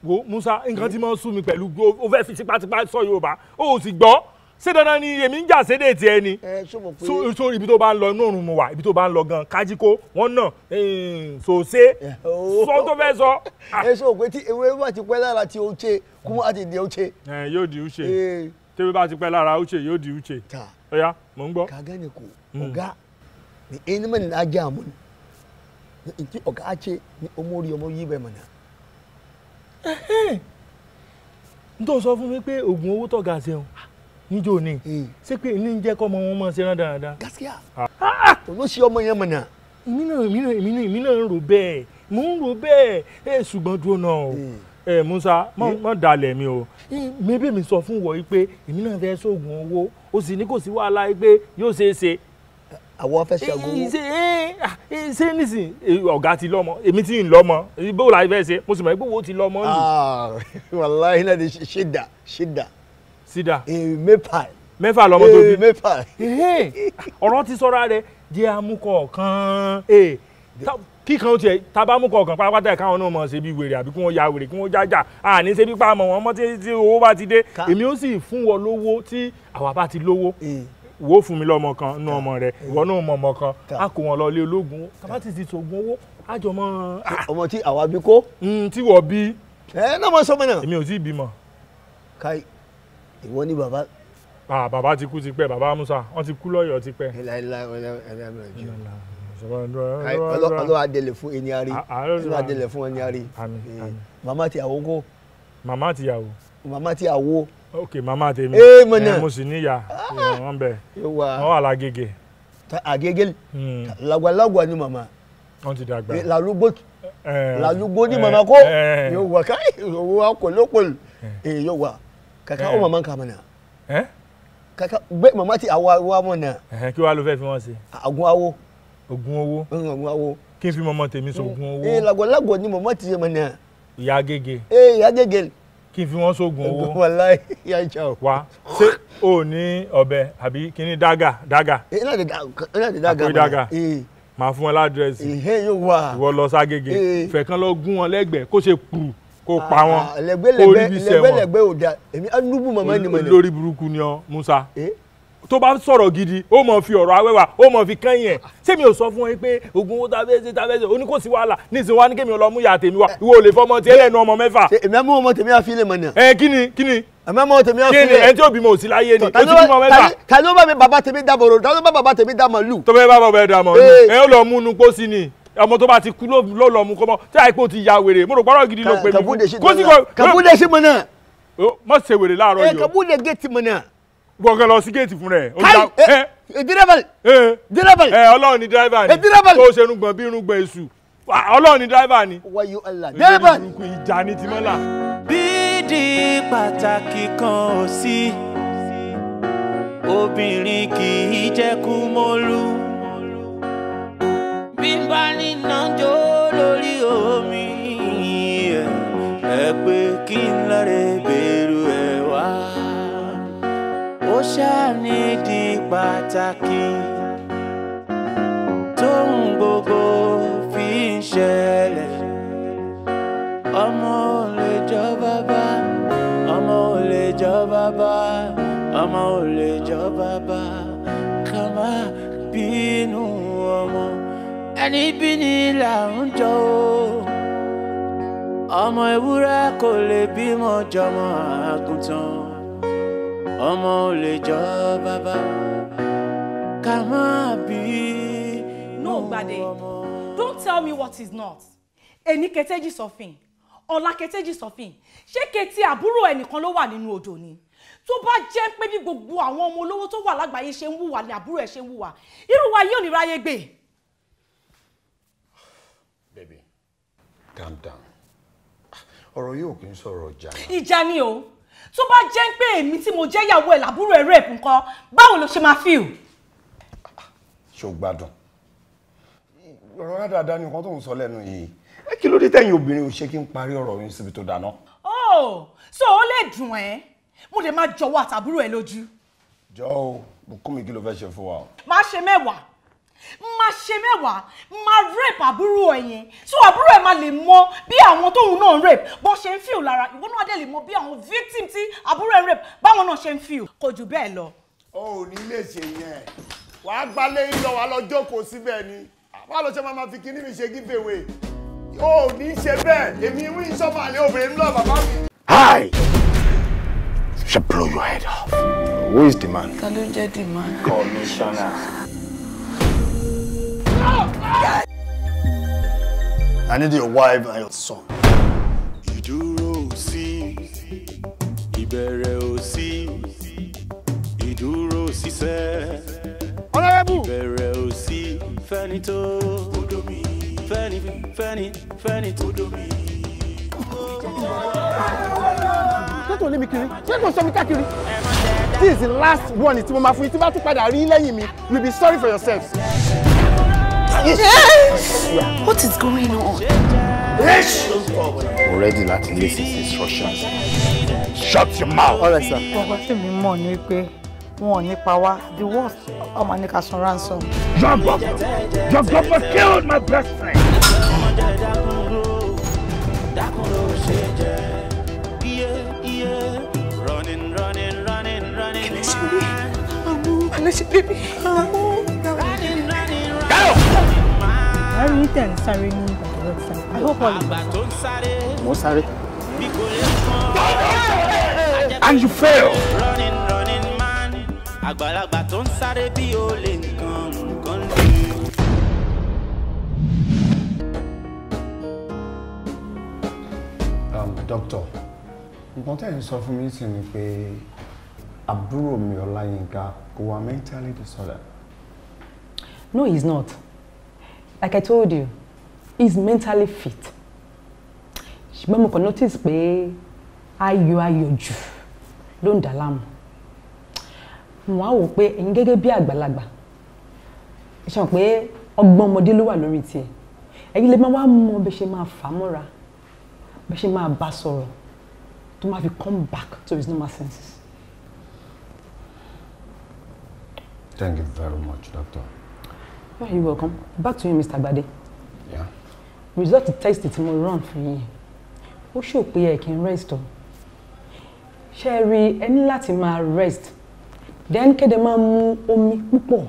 wo Musa nǹkan tí mo sún mi pẹ̀lú o fẹ́ fi tipátipá sọ Yorùbá o ò sì gbọ́ ṣé dandan ni èmi ń jà sédè tiẹ̀ ni so ibi tó bá ń lọ inú òrùn mu wà ibi tó bá ń lọ gan kájíkó wọn náà sòsé sọ tó fẹ́ sọ. ẹ sọ pé tí ewé bá ti pẹ́ lára ti o ṣe kún á ti di o ṣe. ẹ yóò di uche tewé bá ti pẹ́ lára uche yóò di uche. ta ọya mò ń gbọ́. kàgá ni kò hmm. ọ̀gá ni ẹni mọ̀ ní ajé àmọ́ ni ti ọ̀gá ṣe ni ọmọ orí ọmọ yí bẹ́ẹ̀ mọ̀ náà. n tó sọ fún mi pé oògùn owó tọ̀gá ṣeun níjó ni ṣé pé ní jẹ́ kọ́ ọmọ wọn máa ṣe rán dáadáa. gaskiya olóṣì ah, ah. ọmọ yẹn mọ̀nà. èmi náà èmi náà èmi náà èmi náà ń rò bẹ́ẹ̀ mò ń rò bẹ́ẹ̀ ẹ ṣùgbọ́n dúró náà o ẹ Musa má dalẹ̀ mi o mébè mi sọ fún wọ yìí pé èmi náà fẹ́ sóògùn owó o sì ní kò sí wàhálà yìí pé yóò ṣeé ṣe. àwọn fẹ́ ṣẹ́gun owó. ṣe é ṣe nísìn ọ̀gá ti lọ́mọ èmi ti ń lọ́mọ bó la fẹ́ ṣe mo sì mọ̀ pé owó ti lọ́mọ. Ah, wàláhí náà ṣe dà ṣe dà sida mẹ́fà mẹ́fà lọ́mọ tó bí mẹ́fà ọ̀rọ̀ ti sọ́ra rẹ̀ jẹ́ amúkọ̀ kan kíkan tiẹ̀ tabamúkọ̀ kan pátápátá ẹ̀ káwọn náà mọ̀ ṣe bí wèrè àbí kí wọ́n ya wèrè kí wọ́n jájà àní ṣe bí pàmò wọn mọ́ tí owó bá ti dé èmi ó sì fún wọn lówó tí àwa bá ti lówó wo fún mi lọ́mọ kan nú ọmọ rẹ ìwọ náà mọ ọmọ kan a kò wọn lọ lé ológun tàbá ti ti sògùn owó àjọ mọ. ọmọ tí àwa bí kó. tí wọ́n bí. ẹ náà mọ náà. èmi ò tí ì bímọ ìwọ ni bàbá. ah bàbá ti kú tipẹ́ bàbá Musa wọ́n ti kú lọ́yọ̀ọ́ tipẹ́. ọlọ́wà délé fún ẹni àárí ọlọ́wà délé fún ẹni àárí eh, màmá ti àwọ̀ kó. màmá ti àwọ̀. màmá ti àwọ̀. ok màmá tèmi ẹ eh, eh, mo sì níyà ah, wọn bẹ wọn wà lágége. àgégé hmm. làgbàlagbà ni màmá. wọ́n ti dàgbà. làlúgbò làlúgbò ni màmá kó. yóò wà ká yóò wà yóò wà ka eh. o ó màmá nǹkan mọ̀ náà. kaka bẹ́ẹ̀ màmá ti àwọ̀ àwọ̀ mọ̀ náà. kí wàá ló fẹ́ fi wọ́n ṣe. àgùn awo. ògùn owó. ògùn eh, awo. kí n fi mọ̀mọ́ tèmi sọ ògùn hmm. owó. ee eh, làgọ̀làgọ̀ ni màmá ti yẹ mọ̀ náà. ìyá gègé. ee ìyá gègé. kí n fi wọ́n sógun owó. wàláhì ìyá ìjà o. wa ṣé o ní ọ̀bẹ àbí kí ni dága dága. ee náà de dága. àpò dága máa fún wọn ládírẹ́sì. ìwọ lọ ságége fẹ̀kan lọ gún wọn lẹ́gbẹ̀ẹ́ kó ṣe kùrù kó pa ah, ah, wọn kó rí bí sẹ wọn lẹgbẹlẹgbẹ ò da èmi anubu mama ni mo ni. lórí burúkú ni ọ Musa eh? tó bá sọ̀rọ̀ gidi ó mọ̀ fi ọ̀rọ̀ awẹ́wà ó mọ̀ fi kẹ́yìn ẹ̀ ṣé mi ò sọ fún ẹ pé oògùn owó tábẹ́sẹ̀ tábẹ́sẹ̀ ó ní kò sí wàhálà nísìnyí wá ní kémi ọlọ́mú ìyá tèmi wá ìwọ ò lè fọmọ tiẹ̀ lẹ́nu ọmọ mẹ́fà. ṣe èmi àmú ọmọ tèmi àfilẹ̀ mọ̀ ni. ẹ kí ni kí ni. àmọ́ ọmọ tèmi àfilẹ̀. kí ni ẹni tí òbí mọ̀ ò sí láyé ni ó ti bímọ mẹ́fà. tani ó bá mi bàbá tèmi dà bọ̀rọ̀ tani ó bá bàbá tèmi dà màlúù. tó bẹ́ẹ̀ ọmọ tó bá ti kú ló lọ mú kó mọ tí àìpé o ti ya wèrè mo rò pọ́nrọ́ gidi ló pè kó sì kò. kàbúdé sí mọ náà. mọ wèrè láàárọ̀ eh, yìí o. kàbúdé géètì mọ náà. lọ sí géètì fún rẹ̀. káyì dírẹ́bẹ̀l. dírẹ́bẹ̀l. ẹ ọlọ́run ni dírẹ́bà ni. Eh, dírẹ́bẹ̀l. tó ṣe nugbọ̀n bí nugbọ̀n èṣù ọlọ́run ni dírẹ́bà ni. wáyé ìjà bí n bá níná jó lórí omi ẹ pé kí n lọ́rẹ̀ bẹ̀rù ẹ̀ wá ó ṣàní di pàtàkì tóun gbogbo fi ń ṣẹlẹ̀ ọmọ ò lè jọ bàbá ọmọ ò lè jọ bàbá ọmọ ò jọ bàbá ká bínú ọmọ ẹni ni là ń jọ o ọmọ ewúrẹ́ kò lè bímọ jọmọ àgùntàn ọmọ ò lè jọ bàbá ká má bí nù ọmọ. Don't tell me what is not ẹni kẹtẹ́jì sọ̀fìn ọ̀la kẹtẹ́jì sọ̀fìn ṣé kẹtí àbúrò ẹnìkan ló wà nínú odò ni tó bá jẹ́ pé bí gbogbo àwọn ọmọ olówó tó wà lágbàáyé ṣe ń wùwà ni àbúrò ẹ̀ ṣe ń wùwà irú wa yóò ní ráyé gbé. calm down ọ̀rọ̀ yóò kì í sọ̀rọ̀ ìjà náà. ìjà ni o tó bá jẹ́ pé èmi tí mo jẹ́ ìyàwó ẹ̀ làbúrò ẹ̀ rẹ̀ nǹkan báwo ló ṣe máa fi o. ṣó gbádùn ọ̀rọ̀ rádáadáa ni nǹkan tó ń sọ lẹ́nu yìí ẹ kí ló dé tẹ̀yìn obìnrin ò ṣe kí n parí ọ̀rọ̀ yín síbi tó dáná. ó oh, so ó lè dùn ẹ́ mo lè máa jọ̀wọ́ àtàbúrò ẹ lójú. jọ o bùkún mi kí ló fẹ́ ṣe fún wa. má ṣe mẹ́wàá máa ṣe mẹ́wàá máa rape àbúrò ẹ̀ yẹn so àbúrò ẹ̀ máa lè mọ bí àwọn tóun náà rape bó ṣe ń feel lára ìwọ náà dẹ̀ lè mọ bí àwọn victim tí àbúrò ẹ̀ rape báwọn náà ṣe ń feel kò jù bẹ́ẹ̀ lọ. o ò ní lè ṣe yẹn wàá gbálé yíyọ wàá lọ jókòó síbẹ̀ ni wàá lọ ṣe máa ma fi kíní mi ṣe give away o ò ní ṣe bẹ́ẹ̀ èmi wí sọ́mọ àlẹ́ obìnrin lọ bàbá mi. hi shall blow your head off who is the man. ta ló jẹ́ the man. commissioner. I need your wife and your son. Ìdúró ò sí, ìbẹ̀rẹ̀ ò sí, ìdúró sísẹ́. Honorable! Ìbẹ̀rẹ̀ ò sí, fẹ́ni tó. Odò mi. Fẹ́ni fẹ́ni mi. Ṣé kò lé mi kiri? Ṣé kò sọ mi káàkiri? This is the last one tí mo máa fún yín tí bá tún padà rí lẹ́yìn mi. You be sorry for yourself. Yes. What is going on? Mo Already, láti listen to instructions. Shut your mouth. All right, sir. Bàbá tí mi mọ̀ ni pé wọn ò ní pa wá. The worst ọmọ ní ká san ransom. Your governor, your governor killed my best friend. Running, running, running, running. Kìlẹ̀ ṣe bí? Àmú. Kìlẹ̀ ṣe bí? Àmú. Kálọ̀ ẹ̀rí ní tẹ̀ ń sáré ní ìgbàgbọ́ ìsá i hope all is well. mo sáré. and you fail. running running man àgbàlagbà tó ń sáré bí olè nǹkan nǹkan lè. Um, doctor nǹkan tẹ́ ẹ̀ ń sọ fún mi sì ni pé àbúrò mi Ọláyínká kò wà mentally disorder. no he's not like I told you he's mentally fit ṣùgbọ́n mo kàn notice pé ayọ̀ ayọ̀ jù ló ń dà láàmú wọn á wò pé ẹ̀yin gẹ́gẹ́ bí àgbàlagbà ẹ ṣe hàn pé ọgbọ́n ọmọdé ló wà lórí tiẹ̀ ẹ̀yin lè máa wá mọ bẹ́ẹ̀ ṣe máa fà á mọ́ra bẹ́ẹ̀ ṣe máa bá fi come back to his normal senses. Thank you very much, doctor. Yeah, oh, you're welcome. Back to you, Mr. Bade. Yeah. Result test it mo run fún yín. Ó show pé ẹ kí n rest o. Ṣé rí ẹ láti máa rest. Then kéde máa mu omi púpọ̀.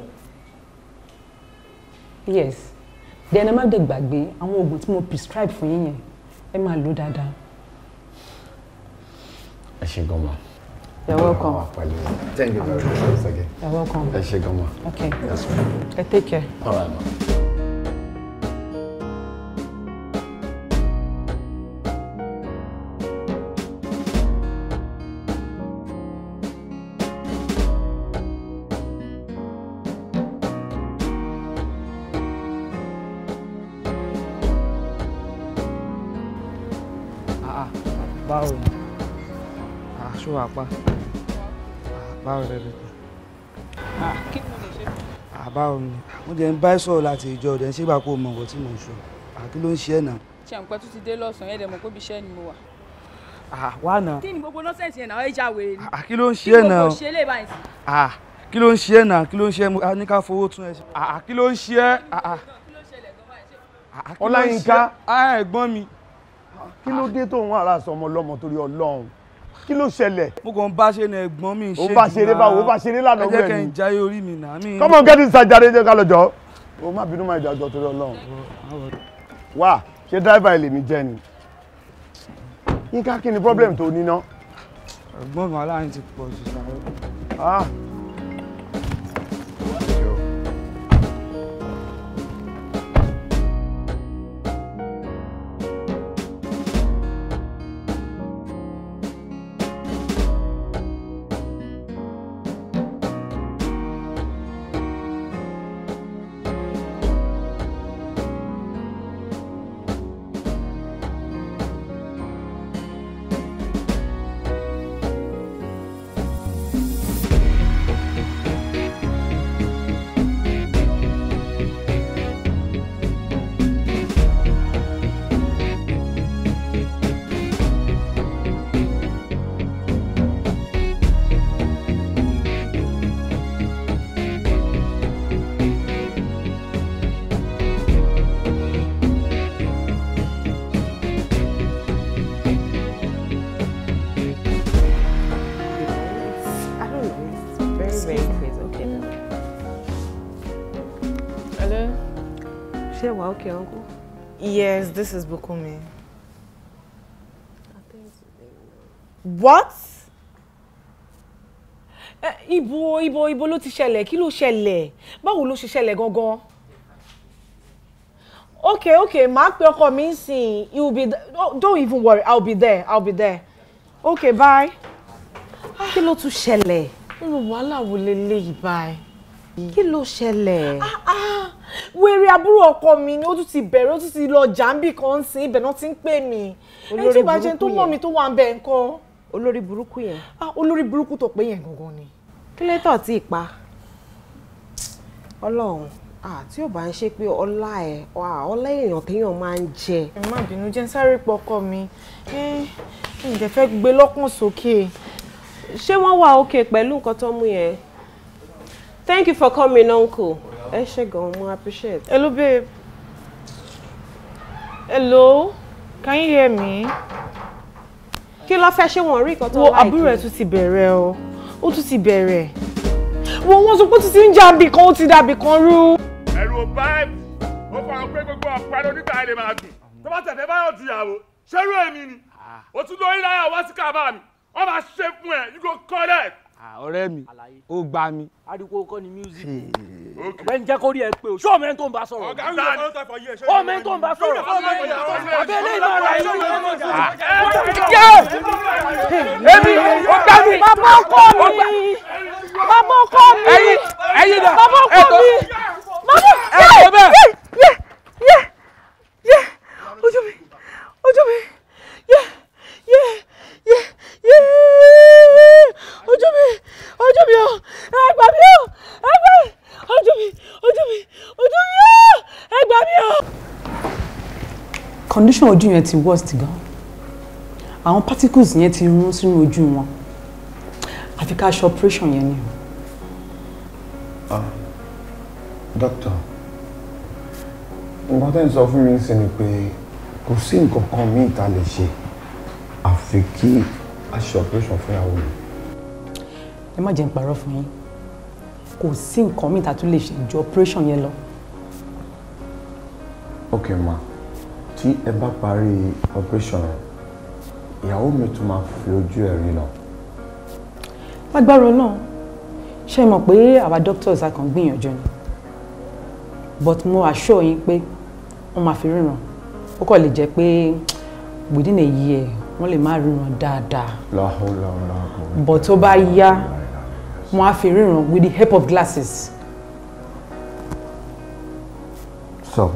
Yes. Then ẹ má dẹ̀ gbàgbé àwọn oògùn tí mo prescribe fún yín yẹn. Ẹ máa lò dáadáa. Ẹ ṣé gan-an. You're welcome. Thank you very much once You're welcome. Okay. Yes, ma'am. Take care. All right, ma'am. rẹpẹtẹ. kí ni mo lè ṣe. àbáwo ni mo jẹ́ ń bá ẹ sọ̀rọ̀ láti ìjọ ọ̀dẹ̀ ṣé ìgbà kó o mọ̀ nǹkan tí mò ń sọ àkí ló ń ṣe ẹ̀ náà. ṣàǹpẹ́ tó ti dé lọ́sàn-án ẹ̀dẹ̀ mọ̀ pé ibi iṣẹ́ ni mo wà. wà á nà. kí ni gbogbo nọ́sẹ̀sì yẹn náà ẹ já wèrè ni. kí ló ń ṣe ẹ̀ náà. kí gbogbo ṣe lè báyìí sí. kí ló ń ṣe ẹ̀ náà kí ló ń ṣe ẹ̀ a ní ká fowó tún ẹ ṣe. kí ló ń ṣe ẹ̀. Ọláyínká ẹ̀gbọ́n mi kí ló dé tó ń wá ara sọmọ lọ́mọ torí Ọlọ́run kí ló ṣẹlẹ̀. mo kàn bá ṣe ni ẹ̀gbọ́n mi ṣe jù o bá ṣeré báwo o bá ṣeré lánàá ọgbẹ́ mi. ẹ jẹ́ kẹ́ ń jayé orí mi náà mi. come on get inside jàre jẹ́ ká lọ jọ. o má bínú máa jàjọ torí ọlọ́run. wá ṣé driver ẹ lè mi jẹ ni. yínká kí ni problem tó ní ná. ẹ̀gbọ́n mi aláàánú ti pọ̀ jù sáré. Ah. okay, uncle? Yes, this is Bukumi. What? Eh, Ibo, ibo, ibo lo ti ṣẹlẹ̀, kí ló ṣẹlẹ̀? Báwo ló ṣe ṣẹlẹ̀ gangan? Okay, okay, Mark pe ọkọ mi nsìn, you be oh, don't even worry, I'll be there, I'll be there. Okay, bye. Ah, kí ló tún ṣẹlẹ̀? Irú wo leléyìí báyìí? kí ló ṣẹlẹ̀. Ah, ah, wèrè àbúrò ọkọ mi ni ó tún ti bẹ̀rẹ̀ ó tún ti lọ jàǹbì kan sí ibẹ̀ náà ti ń pè mí ẹni tó bá jẹun tó mọ̀ mi tó wà ń bẹ̀ ńkọ́. olórí burúkú yẹn. Ah, olórí burúkú tó pé yẹn gangan ni. kílẹ̀tọ̀ tí ì pa ọlọ́run tí ò bá ń ṣe pé ọlá ẹ ọlá èèyàn téèyàn máa ń jẹ. ẹ má bínú jẹ́ ń sáré pọkọ mi ǹjẹ́ fẹ́ gbé lọ́kàn sókè ṣé wọ́n wà òkè pẹ̀lú nǹkan tó mú yẹn Thank you for coming, Uncle. I ṣé gan-an, appreciate. Hello, babe. Hello, can you hear me? Kí ló fẹ́ ṣé wọ́n rí nǹkan tó láìpẹ́? Wo àbúrò ẹ̀ tún ti bẹ̀rẹ̀ o, ó tún ti bẹ̀rẹ̀. Wo wọ́n sọ pé ó ti ń jàǹbì kan, ó ti dàbì kan rú. Ẹ̀rù báyìí, ó fọ àwọn pé gbogbo ọ̀pẹ̀rẹ̀ oníta ilé máa dùn. Tó bá tẹ̀lé báyọ̀ tìyàwó, ṣerú èmi ni. Ah. Ó tún lóyún láyà wá sí kàbá mi. Wọ́n máa ṣe fún ẹ̀, you go correct ọ̀rẹ́ mi ó gbá mi. ariwo kọ́ ni music ọ̀gbẹ́ni jẹ́ kó rí ẹ pé o ṣé ọmọ ẹni tó ń bá sọ̀rọ̀ ọmọ ẹni tó ń bá sọ̀rọ̀ abẹ́lé ìmọ̀ ra ìlú yẹ èmi ó gbá mi. bàbá ọkọ mi bàbá ọkọ mi ẹyin ẹyin dà bàbá ọkọ mi bàbá ẹ bẹ yẹ yẹ yẹ ojú mi ojú mi yẹ yẹ yẹ yẹ ojú mi ojú mi o ẹ gbà o ẹ ojú mi ojú mi ojú mi o ẹ gbà o. condition ojú yẹn ti worst gan àwọn particles yẹn ti rún sínú ojú wọn àfi ká ṣe operation yẹn ni. Ah, dókítà nǹkan tẹ́ ń sọ fún mi ń sin ni pé kò sí nǹkan kan míì tá a lè ṣe àfi kí a ṣe operation fún ìyàwó mi ẹ má jẹ́ n parọ́ fún yín kò sí nǹkan míì tá lè ṣe ju operation yẹn lọ. ok ma tí ẹ bá parí operation rẹ ìyàwó mi tún máa fi ojú ẹ rí lọ. lágbára náà ṣe mọ̀ pé àwa doctors a kàn gbìyànjú ni but mo assure yín pé wọ́n máa fi ríran ó kàn lè jẹ́ pé within a year wọ́n lè má ríran dáadáa. láhùn láhùn láhùn. but tó bá yá wọn á fi ríran with the help of glasses. so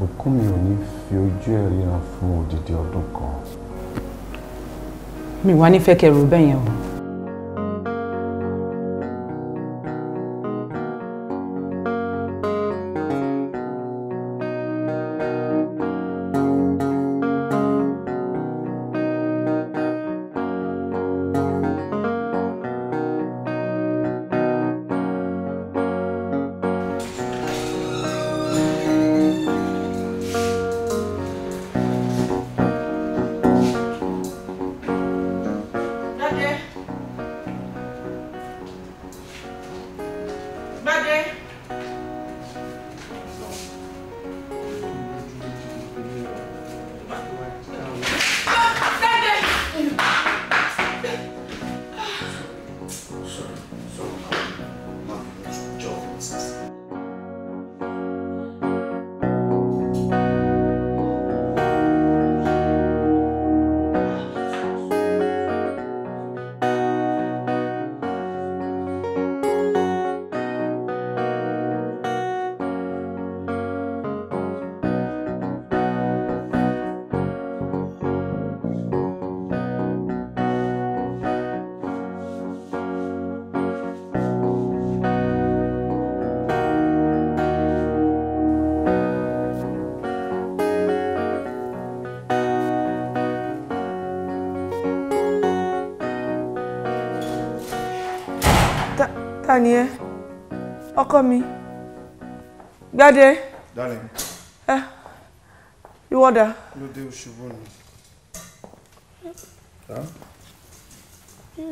Bùkúnmi ò ní fi ojú ẹ̀ ríran fún odidi ọdún kan. mi wá nífẹ̀ẹ́ kẹrù bẹ́ẹ̀ yẹn o. ọkọ mi gbádé. darling. ẹ ìwọ dà. ló dé òṣùbọ ni.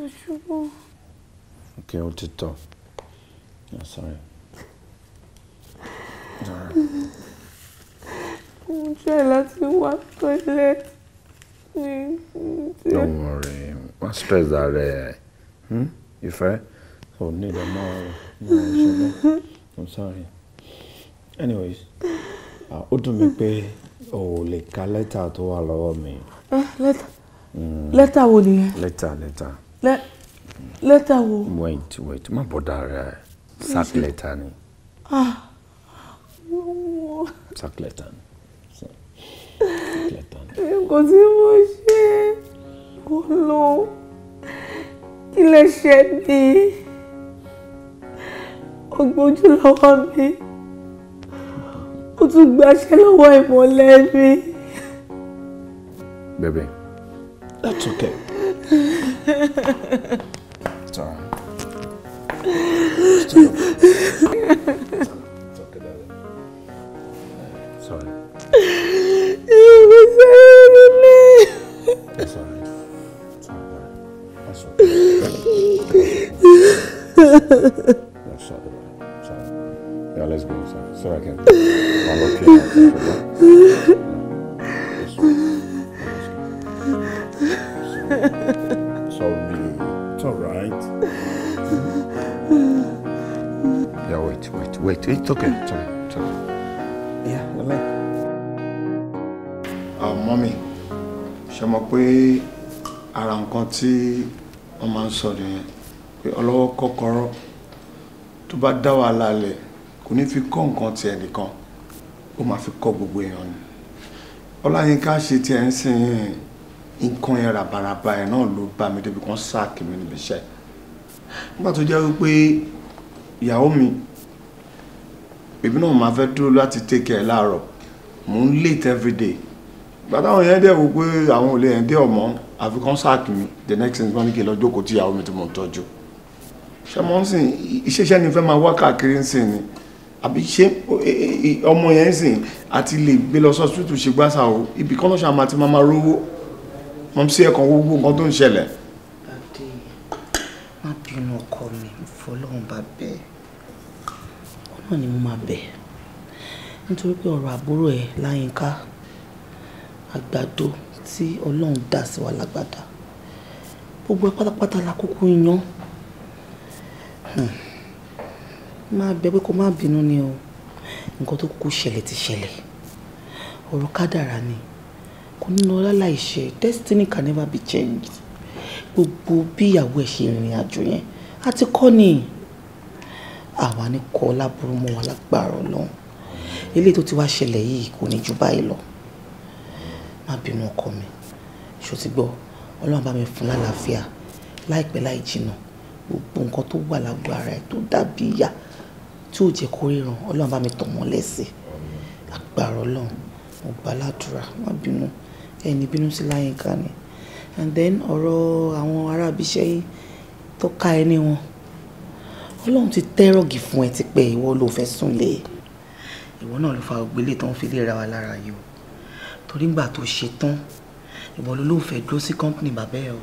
òṣùbọ. ok o ti tọ i'm sorry. mo jẹ́ láti wá toilet. don't worry má stress ara ẹ ìfẹ́ ò ní ìdààmú ọ̀rọ̀. I'm sorry. Anyways, ó dùn mí pé o ò lè ka lẹ́tà tó wà lọ́wọ́ mi. Ah, lẹ́tà hmm. Letter, wo nìyẹn? Letter. lẹ́tà. Lẹ́tà wo? Wait wait Ma bọ̀ dára ẹ̀ ah. sack lẹ́tà ni. Sack lẹ́tà Sack letter. ni. Kò sí mo ṣe é, kò lọ, kí lè ṣe mí ó gbójú lọ́wọ́ mi ó tún gbaṣẹ́ lọ́wọ́ ìmọ̀lẹ́ mi. Baby, that's okay. It's all right. It's all right. It's all right. It's all right. It's all right. Yeah, let's go inside. So I can unlock your house. Sorry. It's alright. Yeah, wait, wait, wait. It's okay. It's okay. Yeah, let me. Uh, mommy, ṣé mọ̀ pé ara nǹkan tí wọ́n máa ń sọ nìyẹn pé ọlọ́wọ́ kọ́kọ́rọ́ tó bá dá kò ní fi kọ́ nǹkan tiẹ̀ nìkan ó máa fi kọ́ gbogbo èèyàn ni ọláyínká ṣe tiẹ̀ ń sìn nǹkan yẹn ràbàràbà ẹ̀ náà ló bá mi débi kan sáàkì mi níbi iṣẹ́ nígbà tó jẹ́ wípé ìyàwó mi èmi náà máa fẹ́ dúró láti take care láàárọ̀ mò ń late everyday gbàdáwọn yẹn dẹ̀ wò pé àwọn olè yẹn dé ọmọ àfi kan sáàkì mi the next thing wọ́n ní kí n lọ jókòó tí ìyàwó mi ti mò ń tọ́jú ṣé mo ń sìn iṣẹ́ iṣẹ́ ni fẹ́ máa wá káàkiri ń sìn ni àbí ṣé ọmọ yẹn ń sìn àti lè gbé lọ sọ́sítútù ṣe gbàsà o ibì kan lọ́sàn àmà tí màmá rówó mọ̀ sí ẹ̀kan gbogbo nǹkan tó ń ṣẹlẹ̀. adé má bínú ọkọ mi fọlọ́run bá bẹ̀ ọ̀nà ni mo máa bẹ̀ nítorí pé ọ̀rọ̀ àbúrò ẹ̀ láyínká àgbàdo tí ọlọ́run dà sí wa lágbàdá gbogbo ẹ pátápátá la kúkú yan. Hmm máa bẹ pé kó má bínú ni o nǹkan tó kúkú ṣẹlẹ̀ ti ṣẹlẹ̀ ọ̀rọ̀ kádàrá ni kò ní lọ láláì destiny can never be changed gbogbo bí ìyàwó ẹ̀ ṣe rìnrìn àjò yẹn a ti kọ́ ni àwa ní kọ́ láburú mọ́ wa lágbára ọlọ́run eléyìí tó ti wá ṣẹlẹ̀ yìí kò ní ju báyìí lọ má bínú ọkọ mi ṣó ti gbọ́ ọlọ́run bá mi fún lálàáfíà láìpẹ́ láì jìnnà gbogbo nǹkan tó wà lágbára ẹ̀ tó dàbí ìyá tí ò jẹ́ kó ríran ọlọ́run bá mi tọ̀ wọ́n lẹ́sẹ̀ agbára ọlọ́run mo gbà ládùúrà má bínú ẹni bínú sí láyínká ni and then ọ̀rọ̀ àwọn arábíṣẹ́ yìí tó ká ẹni wọn ọlọ́run ti tẹ́rọ̀gì fún ẹ ti pẹ́ ìwọ ló fẹ́ súnlé ìwọ náà ló fa ògbélé tó ń fi lè ra wa lára yìí o torí ngbà tó ṣe tán ìwọ ló ló fẹ́ dúró sí kọ́ńpìnì bàbá ẹ o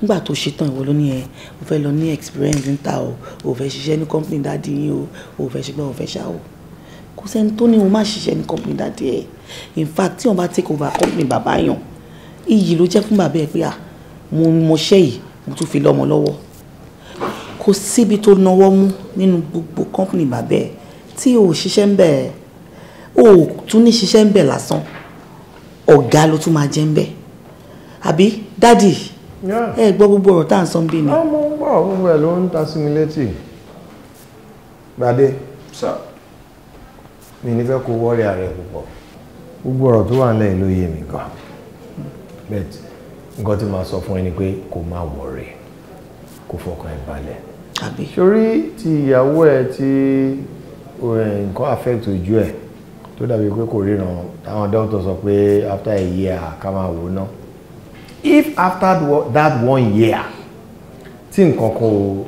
nígbà tó ṣetán ìwọ ló ní ẹ o fẹ́ lọ ní experience ń ta o o fẹ́ ṣiṣẹ́ ní company dáàdi yín o o fẹ́ ṣe pé o fẹ́ ṣá o kò sẹ́ni tó ní o má ṣiṣẹ́ ní company dáàdi ẹ in fact tí wọ́n bá take over company bàbá yàn iyì ló jẹ́ fún bàbá ẹ pé à mo mọṣẹ́ yìí mo tún fi lọ́mọ lọ́wọ́ kò síbi tó náwó mú nínú gbogbo company bàbá ẹ tí o ṣiṣẹ́ ń bẹ̀ o tún ní ṣiṣẹ́ ń bẹ̀ lásán ọ̀gá ló tún máa jẹ́ ń bẹ̀ àbí dádì ẹ gbọ́ gbogbo ọ̀rọ̀ tá à ń sọ bí ni. ọmọ gbọ́ gbogbo ẹ̀ ló ń ta sí mi létí gbadé mi ní fẹ́ kó wọ́ọ̀rì ààrẹ púpọ̀ gbogbo ọ̀rọ̀ tó wà ń lẹ́yìn ló yé mi gan bet nǹkan tí màá sọ fún ẹ ni pé kó má wọ̀ọ̀rì kó fọkàn ẹ balẹ̀ sórí ti ìyàwó ẹ tí nǹkan affect ojú ẹ tó dàbí pé kò ríran táwọn dókítà sọ pé after a year ká máa wò náà if after that one year tí nǹkan kan ò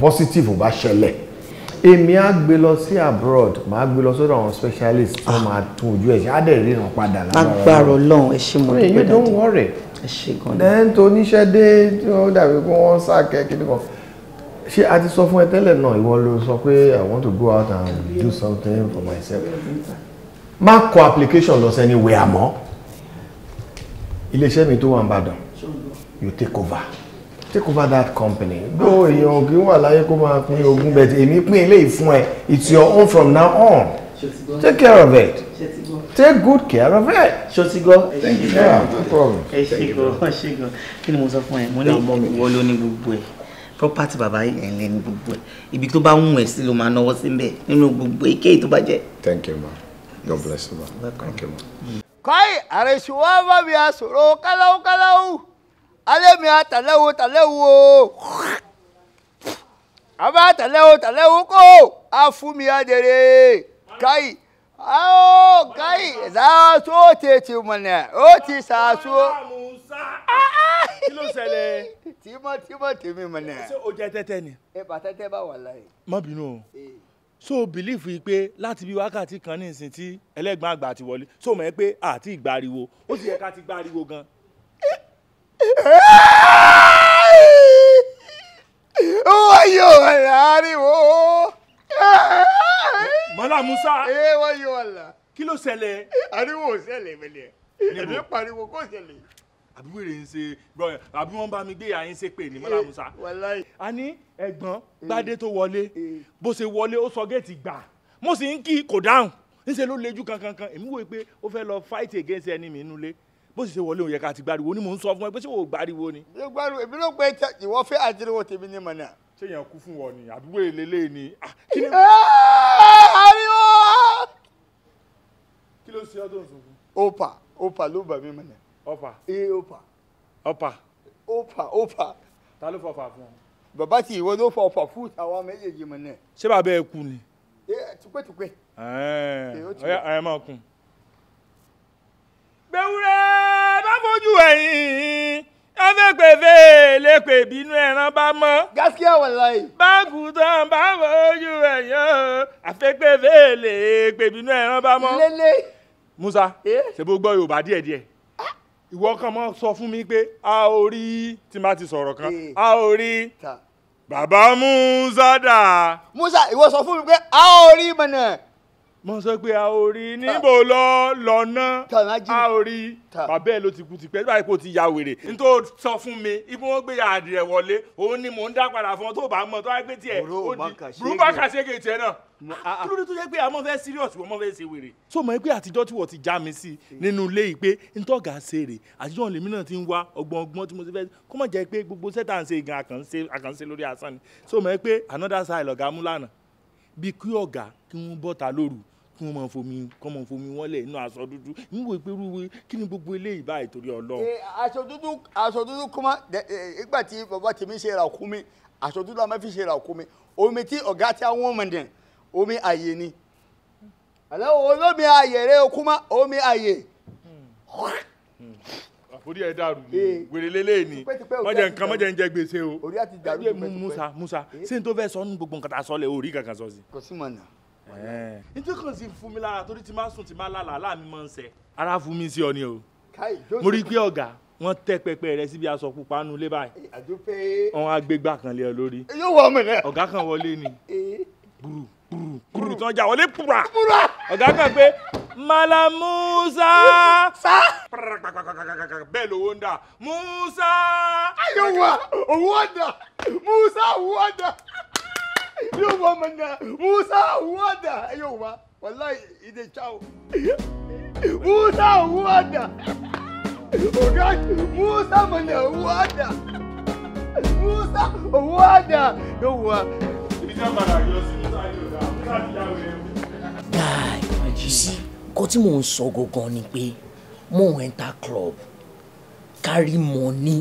positive ò bá ṣẹlẹ̀ èmi á gbé lọ sí abroad màá gbé lọ sọ́dọ̀ àwọn specialist tó ah. máa tún ojú ẹ̀ ṣe á dẹ̀ ríran padà lágbára ọlọ́run agbára ọlọ́run ẹ ṣe mọ̀ pé dáadáa don't worry ẹ ṣe gan-an then tó níṣẹ́ dé ó dàbí pé wọ́n sá kẹ́kẹ́ nípa ṣé a ti sọ fún ẹ tẹ́lẹ̀ náà ìwọ ló sọ pé i want to go out and do something for myself má kọ application lọ sí anywhere mọ́ iléeṣẹ́ mi tó wà ń bàdàn you take over take over that company bó èèyàn ògì wà láyé kó máa pín ogún bẹ́ẹ̀ tí èmi pín eléyìí fún ẹ it's your own from now on take care of it take good care of it. ṣọtígọ ẹ ṣe gan ẹ ṣe gan ẹ ṣe gan kí ni mo sọ fún ẹ mo ní ìwọ ló ní gbogbo ẹ property baba yẹn lẹ ní gbogbo ẹ ibi tó bá ń wẹ̀ sí ló máa náwó sí ń bẹ̀ nínú gbogbo èkéyìí tó bá jẹ́. thank you ma god bless you ma thank you ma. Mm kai are shuwa ba biya soro kalau kalau ale miya talewo talewo aba talewo talewo ko afu miya dere kai awo kai za so tete mana o ti sa so kí ló ṣẹlẹ̀. tímọ́tímọ́ tèmi mọ̀ náà. ṣé o jẹ tẹ́tẹ́ ni. ẹ e bàtẹ́tẹ́ bá wà láyé. má bínú o. Eh so belief yìí pé láti bí wákàtí kan ní ìsìn tí ẹlẹ́gbọ́n àgbà ti wọlé so mọ̀ ẹ́ pé àti ìgbàriwo ó sì yẹ ká ti gbàriwo gan. wọ́n yóò rà ariwo. mọ́lá musa. ee wọ́n yóò rà. kí ló ṣẹlẹ̀. ariwo ò ṣẹlẹ̀ mẹ́lẹ̀ ẹ̀mí pariwo kò ṣẹlẹ̀ àbí wèrè ń ṣe brọyàn àbí wọ́n bá mi gbé ìyá yín ṣe pè ní mọ́lá eh, musa. a ní ẹ̀gbọ́n eh, gbadé tó wọlé eh. bó ṣe wọlé ó sọ géètì gbà mo sì ń kí kò dáhùn níṣẹ́ ló lejú kankankan èmi wòye pé ó fẹ́ lọ fight against ẹni mi nulẹ̀ bó sì ṣe wọlé òun yẹ ká ti gbariwo ni mò ń sọ fún ẹ pé ṣé wò ó gbariwo ni. gbariwo èmi ló pé ìwọ fẹ́ àjẹrẹwò tèmi ní mọ̀ náà. ṣé èèyàn kú fún wọn ni àbúrò èlélẹ́ ni. Ah, ariwo. kí ló ṣe ọdún òṣogbo. opa opa ló bà mí mọ̀ náà ọ̀pà. e ọ̀pà. ọ̀pà. ọ̀pà ọ̀pà. ta ló fọ ọ̀pà fún ọ. bàbá tí ìwọ ló fọ ọ̀pà fún àwọn méjèèjì mọ̀ náà. ṣé bàbá ẹ kú ni. ee tupẹ́tupẹ́. ẹ̀ẹ́ ẹ̀ máa kún. gbẹ̀wúrẹ́ bá fojú ẹ̀yìn afẹ́pẹ̀fẹ́ lẹ́pẹ̀ bínú ẹran bá mọ́. gaskiya wallahi. báńkù tán bá fojú ẹ̀yàn afẹ́pẹ̀fẹ́ lẹ́pẹ̀ bínú ẹran bá mọ́. lélẹ̀. Musa ṣe bó gbọ́ Yorùbá díẹ̀díẹ̀ ìwọ kan máa sọ fún mi pé a ò rí tí má ti sọ̀rọ̀ kan a ò rí bàbá musa dà. musa ìwọ sọ fún mi pé a ò rí mọ̀nà. mo sọ pé a ò rí níbo lọ lọ́nà a ò rí bàbá ẹ ló ti kú tipẹ́ báyìí kò ti ya wèrè. n tó sọ fún mi ibi wọn gbé adìrẹ wọlé òun ni mò ń dá padà fún ọ tó bá mọ tó wáá gbé tiẹ̀ ó di burúkú àkàṣe kejì ẹ náà. Ah, ah. kí ló dé tó jẹ́ pé àmọ́ fẹ́ serious wọ́n fẹ́ ṣe wèrè. so mọ̀ pé àtijọ́ tí wọ́n ti já mi sí hmm. nínú ilé yìí pé n tọ́gà ṣe rè àtijọ́ lèmi náà ti ń wá ọgbọ́n ọgbọ́n tí mo ti fẹ́ kó mọ̀ jẹ́ pé gbogbo sẹ́tà ń ṣe gan àkànṣe lórí asán ni so mọ̀ pé another side ọ̀gá mú lánàá bí kí ọ̀gá kí wọ́n bọ́ta lóru kí wọ́n máa fomi kọ́ máa fomi wọ́n lẹ̀ inú aṣọ dúdú níwò ìpérú kí ni gbogbo eléyìí báyìí torí Ọlọ́run. Eh, aṣọ dúdú aṣọ dúdú kọ́má eh, ìgbà tí bàbá tèmi ṣe ra òkú mi aṣọ dúdú àmọ́ fi ṣe ra òkú mi omi tí ọ̀gá tí àwọn ọmọ dẹ̀ omi àyè ni àlọ́ olómi àyè rẹ okúmọ́ omi àyè. àforí ẹ dàrú ni wèrè lélẹ̀ ni mọ̀jẹ̀ nǹkan mọ̀jẹ̀ ń jẹ gbèsè o orí àti dàrú pẹ́ẹ́pẹ́ musa musa ṣé n tó fẹ́ sọ ní gbogbo nǹkan tá a sọ lẹ̀ orí kankan sọ sí. kò sí mọ̀nà nítorí kàn sí fún mi lára torí tí máa sùn tí máa lálà àlá máa ń ṣe. ara fún mi sí ọ ni o mo rí i pé ọ̀gá wọ́n tẹ́ pẹpẹ rẹ síbi aṣọ pupa nu lé báyìí wọ́n á gbégbá kan lé ọ lórí ọ̀gá kan wọlé ni gbúrú kúrú tí wọ́n já wọlé pura ọ̀gá kan pé mala musa bẹ́ẹ̀ lówó ń dà musa. ayé wa owó ọ̀dà musa owó ọ̀dà yóò wọ ọmọ náà musa owó ọ̀dà ayé wa wàláyé ìdè cháwó musa owó ọ̀dà ọ̀gá musa mọ̀nà owó ọ̀dà musa owó ọ̀dà yóò wọ. ibi tí a padà yọ sí musa yóò guy you see nǹkan tí mò ń sọ gangan ni pé mo ń enter club carry money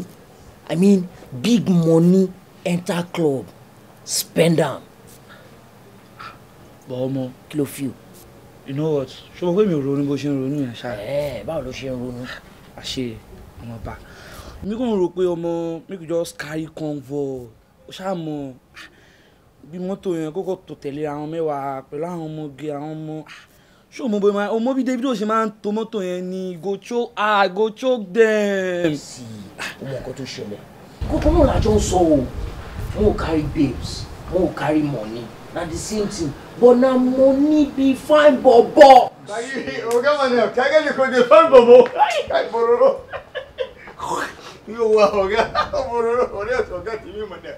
i mean big money enter club spend am. bọ́ ọmọ kí ló fi o. you know what ṣé o mọ̀ pé mi ò ronú bó ṣe ń ronú yẹn ṣáà. ẹ báwo ló ṣe ń ronú. àṣe ọmọ ọba mi kò ń rò pé ọmọ mi kò just carry convo. ṣáà mọ bí mọ́tò yẹn kókò tó tẹ̀lé àwọn mẹ́wàá pẹ̀lú àwọn ọmọge àwọn ọmọ ah, ṣé o mọ bóyá o mọ bí Davido ṣe máa ń to mọ́tò yẹn ni go choke ah go choke dem. sí ọmọ nǹkan tó ṣẹlẹ̀ kókó mọ̀ lájọ ń sọ o mo ò carry babes mo ò carry money na the same thing but na money be fine bobo. ọ̀gá wọn ni ọ̀kẹ́ akẹ́kẹ́ kò dé fine bobo. yóò wá ọ̀gá ọ̀rẹ́ ọ̀tọ̀ ọ̀gá tèmi mọ̀dà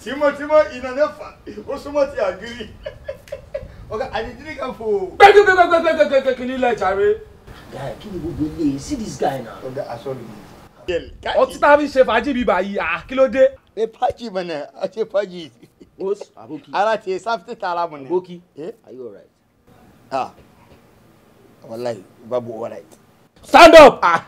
tímọ́tímọ́ iná nẹ́fà ó súnmọ́ ti àgírí ọ̀gá àdìdírí kan fò. gbẹgbẹgbẹgbẹgbẹgbẹ kí ni ilé ìjàre. guy kí ni gbogbo ilé yìí see this guy na. ọ̀gá asọ́lù mi. ọtí tá a fi ṣe fàájì bíbá yìí kí ló dé. ẹ fàájì mọ̀nà ọtí fàájì. aboki. ara tiẹ̀ sáfìtì tààrà mọ̀nà. aboki are you alright. ah wàllayi babu alright. stand up. Ah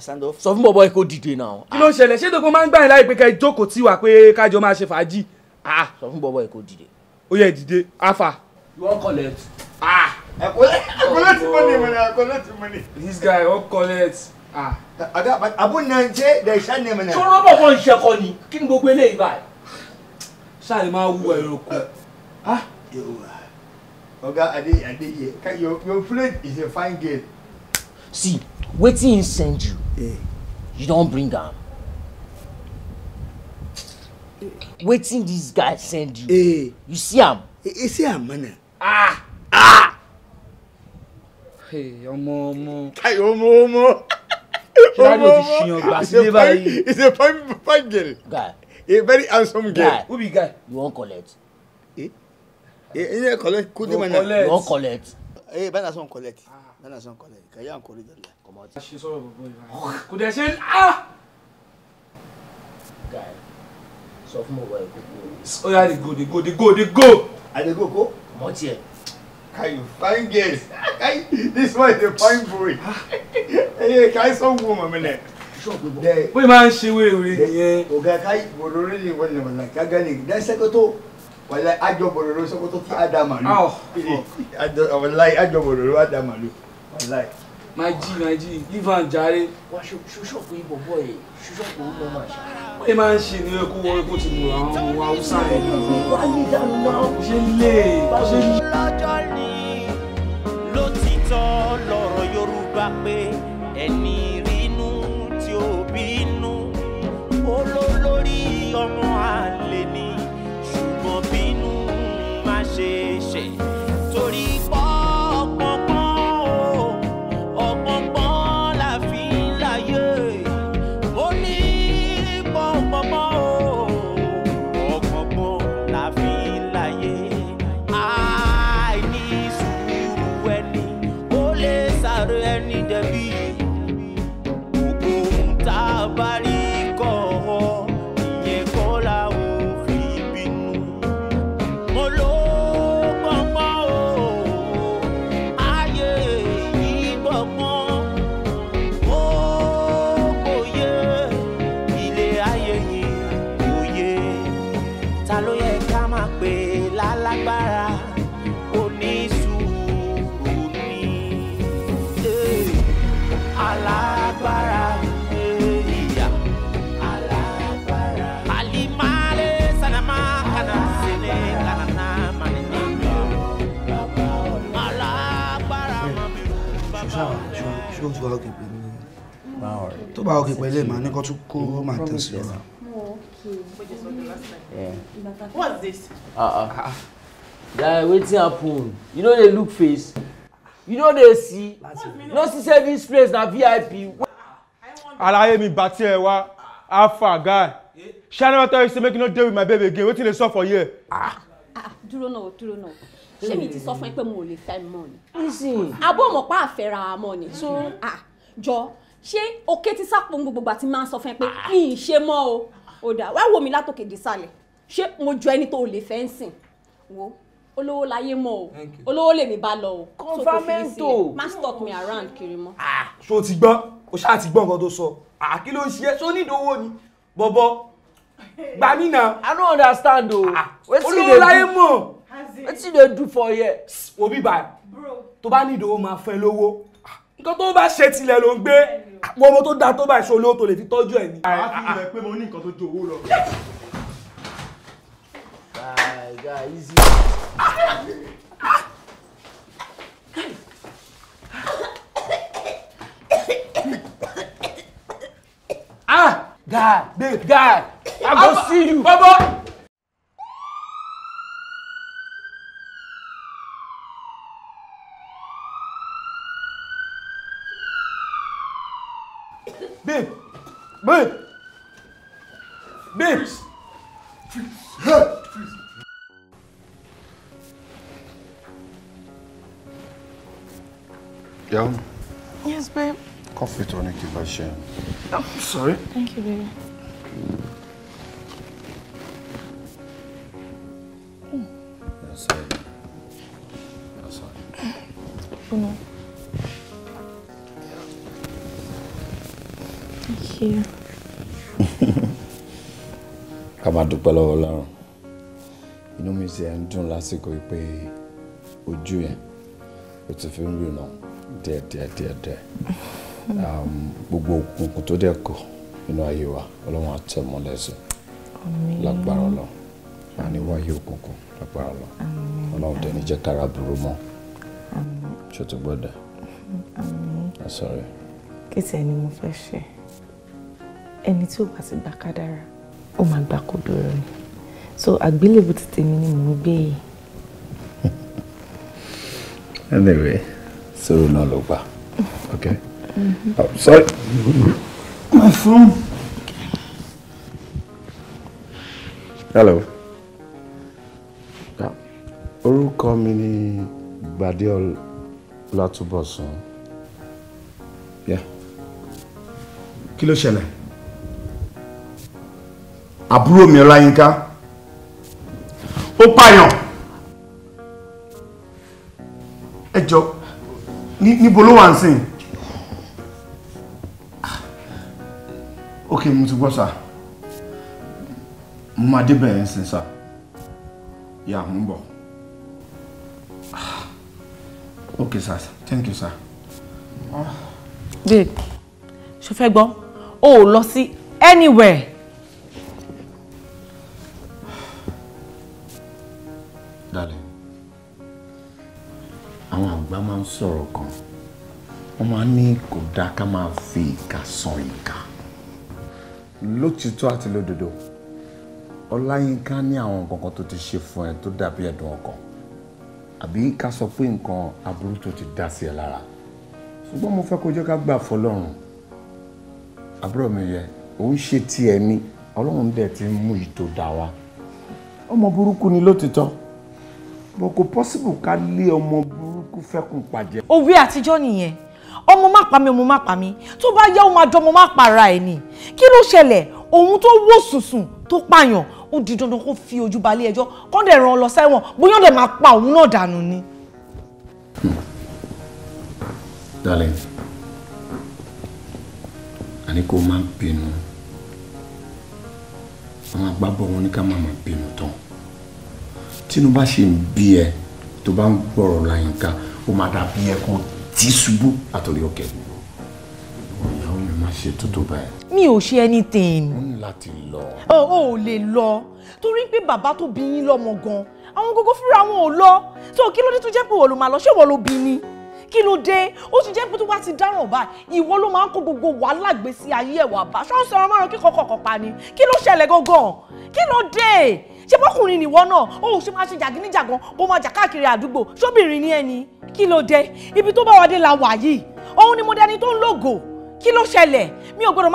sọ fún bọ̀bọ̀ kó dìde náà. kí ló ń ṣẹlẹ̀ ṣé dogun máa ń gbà yín láì pé ká jókòó tiwa pé kájọ máa ṣe fàájì. Ah, sọ fún bọ̀bọ̀ kó dìde. ó yẹ dìde afa. you wan collect. Ah, collect oh, money oh. man collect money. this guy wan collect. Ah. abu nanje de ṣe ne mana. sọ̀rọ̀ bọ̀ fún iṣẹ́ kọ ni kí ni gbogbo eléyìí báyìí. sáré máa wú ẹ̀rọ kù. oga adeyeye your your friend is a fine girl. see wetin he send you you don't bring am Waiting, dis guy send you eh. you see him. You eh, eh, see him, man. ah ah hey ọmọ ọmọ Hey, ọmọ ọmọ ọmọ ọmọ it's a fine fine girl guy a very handsome girl guy who be guy you won't collect eh eh collect kudi mana you won't collect eh bana son collect bana ah. son collect kaya n collect ọmọ ti. ṣe sọ̀rọ̀ bọ̀bọ̀ ìlànà kò dẹ̀ ṣe ń á. guy sọ fún bọ̀bọ̀ ìkókó. ó yà dey go dey go dey i dey go this one dey fine boy. ẹyẹ kai sọ wo mọ̀ mi nẹ. bó ṣe máa ń ṣe wéwèé nìyẹn. ọ̀gá kai bọ̀dọ̀ orí ni wọ́n ní wọ́n náà kágá ni dẹ́sẹ̀kọ́tò wàlá àjọbọ̀rọ̀ ló sọ́kọ́tò tí my G, my G, leave jare. Wà ṣùṣọ̀pù ibò bọ̀ yìí, ṣùṣọ̀pù ó lọ màṣá. Ẹ máa ń ṣe ní ẹkú wọn kó ti mú àwọn ọmọ Haúsá yẹn. Wà á ní ìdáná náà. Kò ṣe lè, kò ṣe lè. Lọ́jọ́ ni ló ti ṣùgbọ́n tí tó bá òkè pé lè ní kó tún kó máa tẹ̀ sí ọ̀la. What's this? Uh-uh. Uh-uh. happen? You know they look face. You know they see. No see say this place na VIP. Alaye mi bati ẹ wa, Alpha guy. Ṣé I never tell you say make you no deal with my baby again? Wetin dey sup for here? Ah, dúró náà, dúró náà ṣé mi ti sọ fún ẹ pé mo lè fẹ́ mọ́ ni. abó pa àfẹ́ra mọ́ ni. so jọ ṣé òkè ti sápò gbogbo gbà tí máa ń sọ fún ẹ pé mi ì ṣe mọ́ o ò dà wá wò mí látòkè dé sàlẹ̀ ṣé mo jọ ẹni tó lè fẹ́ ń sìn wo olówó láyé mọ o olówó lèmi bá lọ o confirmento má stop me around kiri mọ. so ti gbọ́ o ṣáà ti gbọ́ nǹkan tó sọ kí ló ń ṣe é so nídòwó ni bọ̀bọ̀ gbani na. i no understand o. olówó láyé mọ̀ wetin dey do for here. obi ba tó bá nídìí owó máa fẹ́ lówó nǹkan tó bá ṣe tilẹ̀ ló ń gbé àwọn ọmọ tó dáa tó bá ìṣòro tó lè fi tọ́jú ẹ̀ ni. a ti rẹ pé mo ní nǹkan tó ju owó lọ. Ah, guy, babe, guy, I go see you. Bye bye. Babe! Babe! Yeah? Yes, babe. Coffee tonic if I I'm sorry. Thank you, baby. Mm. That's it. That's it. Uno. Thank you. ká máa dúpẹ́ lọ́wọ́ Ọlọ́run inú mi sì ń dùn lásìkò pé ojú ẹ̀ o ti fi ń rìnà díẹ̀ díẹ̀ díẹ̀ díẹ̀ um, gbogbo òkùnkùn tó dẹ̀ kọ̀ nínú ayé wa Ọlọ́run á tẹ̀ mọ́ lẹ́sẹ̀ lágbára Ọlọ́run máa wáyé òkùnkùn lágbára Ọlọ́run Ọlọ́run dẹ̀ ní jẹ́ kára burú mọ́ ṣètò gbọ́dọ̀. I'm ah, sorry. kí tẹ̀ ni mo fẹ́ ṣe ẹni tí ò bá ti gbà kádàrá ó máa gbà kó dúró ni so àgbélébù ti tèmi ni mò ń gbé yìí. anyway sọ̀rọ̀ náà ló gbà okay mm-hmm. oh, sorry my phone. hello orúkọ mi ni Gbadé Ọlátúbọ̀sún kí ló ṣẹlẹ̀ àbúrò mi ọláyínká ó pààyàn ẹ jọ níbo ló wà ń sìn ok mo ti gbọ́ sà mo máa débẹ̀ ẹ̀ ń sìn sà yà mo ń bọ̀ ok sir thank you sir. babe ṣe fẹ́ gbọ́ o ò lọ sí anywhere Darling, àwọn àgbà máa ń sọ̀rọ̀ kan wọ́n máa ń ní kò dáa ká máa fi ìka san ìka lótìtọ́ àti lódodo Ọláyínká ní àwọn nǹkan kan tó ti ṣe fún ẹ tó dàbí ẹ̀dùn ọkàn àbí ká sọ pé nǹkan aburú tó ti dá sí ẹ lára ṣùgbọ́n mo fẹ́ kó jẹ́ ká gbà fọlọ́run àbúrò mi yẹ òun ṣe tiẹ̀ ni ọlọ́run dẹ̀ ti mú ìtò dá wa ọmọ burúkú ni lótìtọ́ bọ̀ kò possible ká lé ọmọ burúkú fẹ́kùn pàjẹ́. òwe àtijọ́ nìyẹn ọmọ má pa mi ọmọ má pa mi tó bá yá ó máa dán ọmọ má para ẹ̀ ni kí ló ṣẹlẹ̀ òun tó wò sùnsùn tó pààyàn ó di dandan kó fi ojú balẹ̀ ẹjọ́ kó dẹ̀ ràn ọ́ lọ sẹ́wọ̀n bóyá dẹ̀ máa pa òun náà dànù ni. Hmm. darling àní kó máa bínú àwọn agbábọ̀ wọn ní ká máa máa bínú tán tínú bá ṣì ń bí ẹ tó bá ń gbọ̀rọ̀ láyìnká ó máa dàbí ẹ kan tí ṣubú àtọ̀lé òkè ìyàwó mi máa ṣe tó tó báyìí. mi ò ṣe anything. ó ní láti lọ. ọ ò lè lọ torí pé bàbá tó bí yín lọ́mọ gan àwọn gógó fúnra wọn ò lọ tó kí ló dé tó jẹ́ pé wọ́n ló máa lọ ṣé wọ́n ló bí ni kí ló dé ó ti jẹ́ pé tó bá ti dáràn báyìí ìwọ ló máa ń kó gbogbo wàhálà gbé sí ayé ẹ̀wà bá ṣọ́ọ̀ṣì ọmọ márùn-ún kíkọ́ pa ni kí ló ṣẹlẹ̀ gangan kí ló dé ṣé bọ́kùnrin nìwọ náà ó ṣe máa ṣe jàgídíjàgan kó máa jà káàkiri àdúgbò sóbìnrin ní ẹni kí ló dé ibi tó bá wà dé la wà yìí òun ni mo dẹni tó ń lògò kí ló ṣẹlẹ̀ mi ò gbọ́dọ̀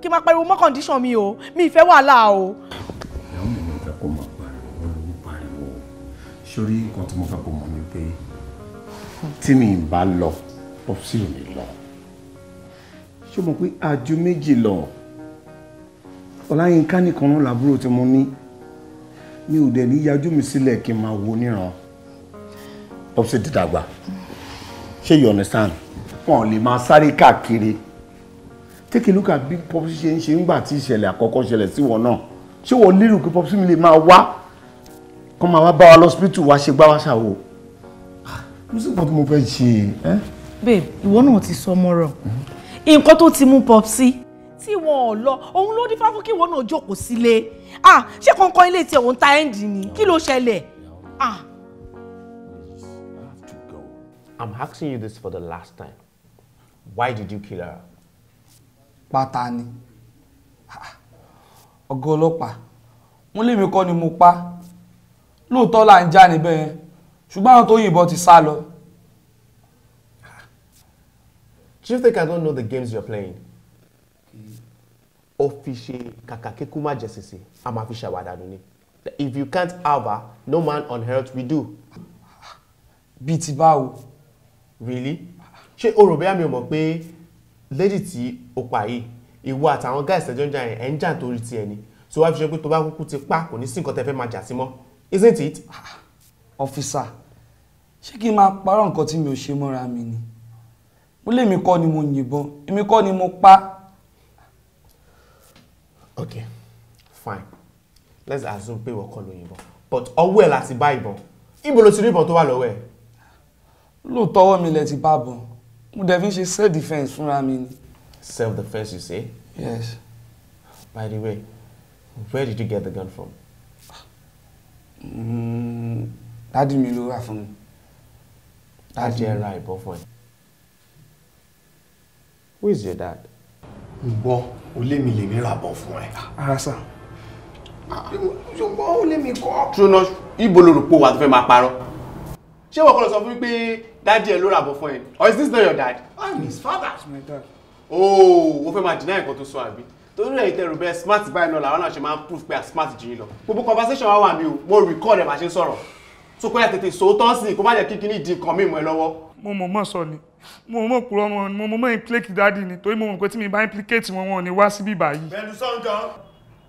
kí n máa pariwo mọ́ kọ́ndíṣàn mi o mi ìfẹ́ wàhálà o. ìyàwó mi ò fẹ́ kó máa pariwo ló pariwo sórí nǹkan tí mo fẹ́ kó mọ̀ ni pé tí mi ì bá lọ ọ̀sì ò ní lọ ṣé o mọ̀ pé àjò méjì lọ Ọláyínká nìkan náà làbúrò tí mo ní mi ò dẹ̀ ní yájú mi sílẹ̀ kí n máa wo níran popsi ti dàgbà ṣé you understand wọn ò lè máa sáré káàkiri take a look at bí popsi ṣe ń ṣe ńgbà tí ìṣẹ̀lẹ̀ àkọ́kọ́ ṣẹlẹ̀ sí wọn náà ṣé wọ́n lérò pé popsi mi lè máa wá kó máa wá bá wa lọ́sibítù wá ṣe gbá wá ṣàwò mo sì pọ̀ tí mo fẹ́ ṣe é. babe ìwọ náà ti sọ mọ́rọ̀ nǹkan tó ti mú popsi tí wọn ò lọ òun ló dífá fún kí ìwọ náà jókòó sílé ah ṣé kankan ilé tí òun ta ẹ́ǹdì ni kí ló ṣẹlẹ̀ ah. I'm asking you this for the last time. Why did you kill her? Pátá ni. Ah, Ọ̀gá ọlọ́pàá, wọ́n lèmi kọ́ ni mo pa. Lóòótọ́ là ń já níbẹ̀ yẹn, ṣùgbọ́n àwọn tó yìnbọn ti sá lọ. Do you think I don't know the games you're playing? ó fi ṣe kàkà kíkú má jẹ sèse a máa fi ṣàwádànù ni if you can't have her no man on earth will do. bíi ti báwo. really ṣé o rò bẹ́ẹ̀ mi ò mọ̀ pé lady tí o pa yìí ìwọ àtàwọn guys ẹjọ́ ń jà ẹ̀ ń jà torí tiẹ̀ ni so wá fi ṣe pé tó bá kúkú ti pa kò ní sí nǹkan tẹ́ fẹ́ máa jà sí mọ́ isn't it. ọ̀fíìsà ṣé kí n máa parọ́ nǹkan tí mi ò ṣe mọ́ra mi ni mo lè mi kọ́ ni mo yìnbọn èmi kọ́ ni mo pa okay fine let's assume pé ìwọ kọ́ ló yìnbọn but ọwọ́ ẹ̀ láti bá ìbọn ibo ló ti rí ìbọn tó wà lọ́wọ́ ẹ̀. lóòótọ́ ọwọ́ mi lẹ ti bá bọ̀ mo dẹ̀ fi ń ṣe self defence fúnra mi ni. self defence you say. yes. by the way where did you get the gun from. Mm, dádì mi ló rà fún mi. dádì ẹ ra ìbọn fún ẹ. who is your dad. ǹgbọ́n. Mm -hmm o lé mi lè mi rà bọ̀ fún ẹ. ara sà. ṣùgbọ́n o lé mi kọ́. ṣùnà ibo ló rò pé wà tó fẹ́ máa parọ́. ṣé wọ́n kọ́ lọ sọ fún mi pé dájú ẹ ló rà bọ̀ fún ẹ or is this not your dad. I'm his father. It's my dad. ooo oh, o fẹ́ máa deny nǹkan tó sọ àbí torí rẹ̀ ìtẹ̀rù bẹ́ẹ̀ smart báyìí náà làwọn náà ṣe máa ń proof pé a smart jù yín lọ gbogbo conversation wa wà mí o mo record ẹ̀ bá ṣe ń sọ̀rọ̀ tó kọ́ ẹ̀ tètè sòótọ́ sí kó má jẹ́ kíkiní di nǹkan mímu ẹ lọ́wọ́. mo mọ̀ mọ́ sọ ni mo mọ̀ kúrò wọn mo mọ̀ implicate dáàdì ni torí mo mọ̀ pé tí mi bá implicate wọn wọn ni wá síbí báyìí. bẹ́ẹ̀ni sọ́nkan.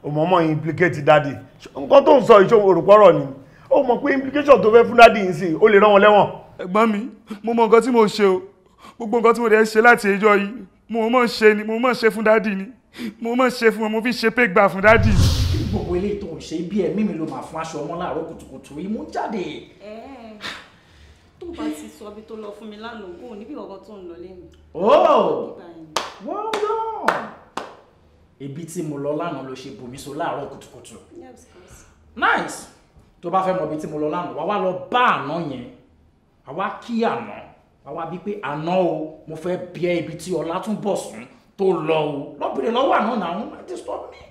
o mọ̀ mọ̀ implicate dáàdì nǹkan tó ń sọ ìṣó òrùpọ̀rọ̀ ni o mọ̀ pé implication tó fẹ́ fún dáàdì yìí sí o lè rán wọn lẹ́wọ̀n. ẹ̀gbọ́n mi mo mọ̀ nǹkan tí mo ṣe o gbogbo nǹkan tí mo dẹ̀ ṣe láti ẹjọ́ yìí mo mọ̀ ṣe ni mo mọ̀ ṣe fún dáàdì ni mo mọ̀ ṣe fún wọn mo fi ṣe pé gbà fún dáàdì. gbogbo eléyìí tó ń ṣe bí ẹ̀mí mi ló máa fún aṣọ ọmọ láàárọ̀ kùtùkùtù yìí mú jáde tó bá ti sọ ibi tó lọ fún mi lánàá o níbi ọkọ tó ń lọ lẹ́nu. oh well done ibi tí mo lọ lánàá ló ṣe bòmí so láàárọ̀ kùtùkùtù nice tó bá fẹ́ mọ ibi tí mo lọ lánàá wá wá lọ bá àná yẹn wá wá kí àná wá wá pé àná o mo fẹ́ bí ẹ ibi tí Ọlátúnbọ̀sún tó lọ o lọ́bìnrin lọ́wọ́ àná náà wọ́n máa disturb me.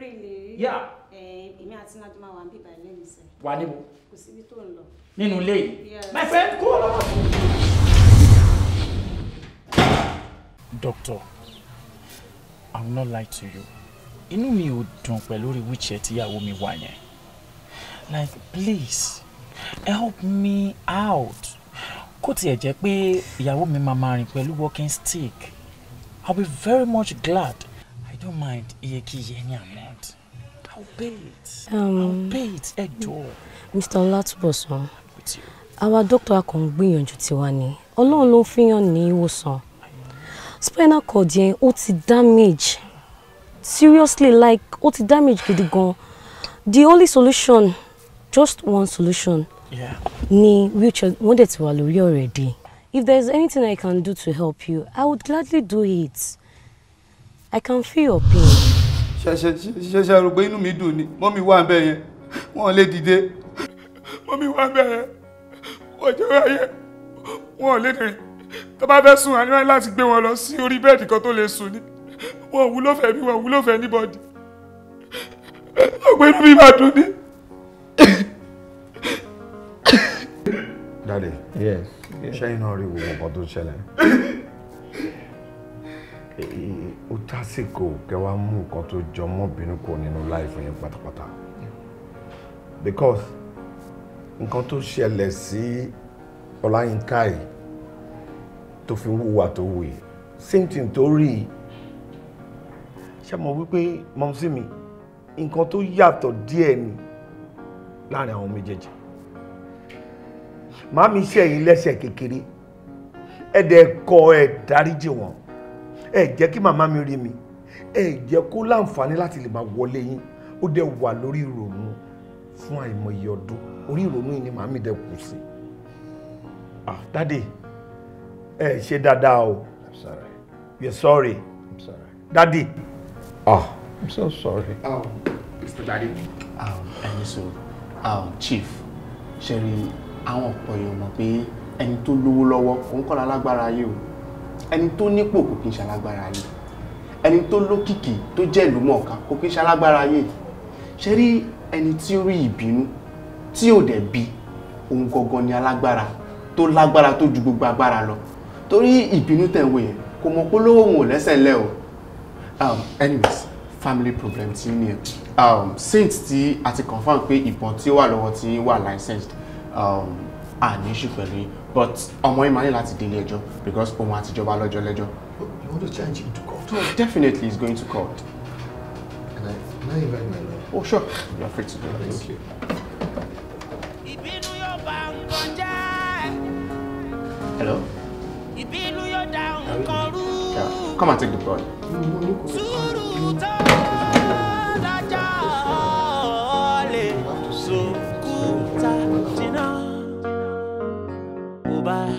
really yeah. Eh, èmi àti nàdúmá wà ń bíbá ẹ lẹ́nu sẹ́. wà níbo. kò síbi tó ń lọ nínú ilé yìí my friend kó o lọ́wọ́. doctor i will not lie to you inú mi ò dùn pẹ̀lú orí wheelchair tíyàwó mi wà yẹn like please help me out kó tiẹ̀ jẹ́ pé ìyàwó mi máa máa rìn pẹ̀lú walking stick i'll be very much glad i don't mind iyekíye ní amount i'll pay it um, i'll pay it ẹ jọ̀ọ́. mr olatubosan with you. Our doctor kan ń gbìyànjú tiwa ni. Ọlọ́run ló ń fihàn ní ìwòsàn. Spinal cord yẹn ó ti damage. Seriously like ó ti damage gidi gan. The only solution just one solution. Yeah. Ni wheelchair wọ́n dẹ̀ ti wà lórí already. If there is anything I can do to help you, I would gladly do it. I can feel your pain. Ṣẹ̀ṣẹ̀ ṣẹ̀ṣẹ̀ rò pé inú mi dùn ni, mọ́mí wà ń yẹn, wọ́n lè dìde mọ́mí wá bẹ̀rẹ̀ ọjọ́ ayé wọn ò lè rìn tó bá fẹ́ sùn àníwá láti gbé wọn lọ sí orí bẹ́ẹ̀dì kan tó lè sùn ni wọn wúlò fẹ́ mi wọn wúlò fẹ́ níbọ̀dì ọgbẹ́ inú mi máa dùn ní. Daddy yes ṣẹ́yìn náà rí gbogbo nǹkan tó ṣẹlẹ̀ ó tásìkò kẹwàá mú nǹkan tó jọ mọ́bìnrin kò nínú láìfún pátápátá because nǹkan tó ṣẹlẹ̀ sí ọláyínká yìí tó fi wúwa tó wù yìí same thing tó rí i ṣe mọ̀ wípé mọ̀mísí mi nǹkan tó yàtọ̀ díẹ̀ ni láàrin àwọn méjèèjì màámi ṣe ẹ̀yìn lẹ́sẹ̀ kékeré ẹ̀dẹ̀ kọ ẹ̀ dáríjì wọn ẹ̀ jẹ́ kí màmá mi rí mi ẹ̀ jẹ́ kó láǹfààní láti lè máa wọlé yín ó dẹ̀ wà lórí ìrònú fún àìmọye ọdún orí ìrònú yìí ni màmí dẹ kù sí ah dádì ẹ ṣe dáadáa o i'm sorry you're sorry i'm sorry dádì ah i'm so sorry. Um, mr dadi um, ẹni sọ um, chief ṣe rí àwọn ọ̀pọ̀ èèyàn mọ̀ pé ẹni tó lówó lọ́wọ́ òun kọ́ lálágbára ayé o ẹni tó nípò kò kí n ṣalágbára ayé ẹni tó lókìkí tó jẹ́ ìlú mọ̀ọ́ká kò kí n ṣalágbára ayé ṣe rí ẹni tí ó rí ìbínú tí ò dẹ̀ bí òun gangan ni alágbára tó lágbára tó ju gbogbo agbára lọ torí ìbínú tẹ̀wé yẹn kò mọ̀ pé lówó òun ò lẹ́sẹ̀ ńlẹ̀ o um anyways family problem ti ní ẹ um since tí a ti confam pé ìbọn tí ó wà lọ́wọ́ tí wà licensed um àní ṣù pẹ̀lú yín but ọmọ yín máa ní láti délé ẹjọ́ because òun àtijọba lọ́jọ́ lẹ́jọ́. you want to change him to court. no definitely he is going to court. can I can I invite my lawyer. Oh, sure. You are free Thank you. Hello? Yeah. Come and take the boy. Bye.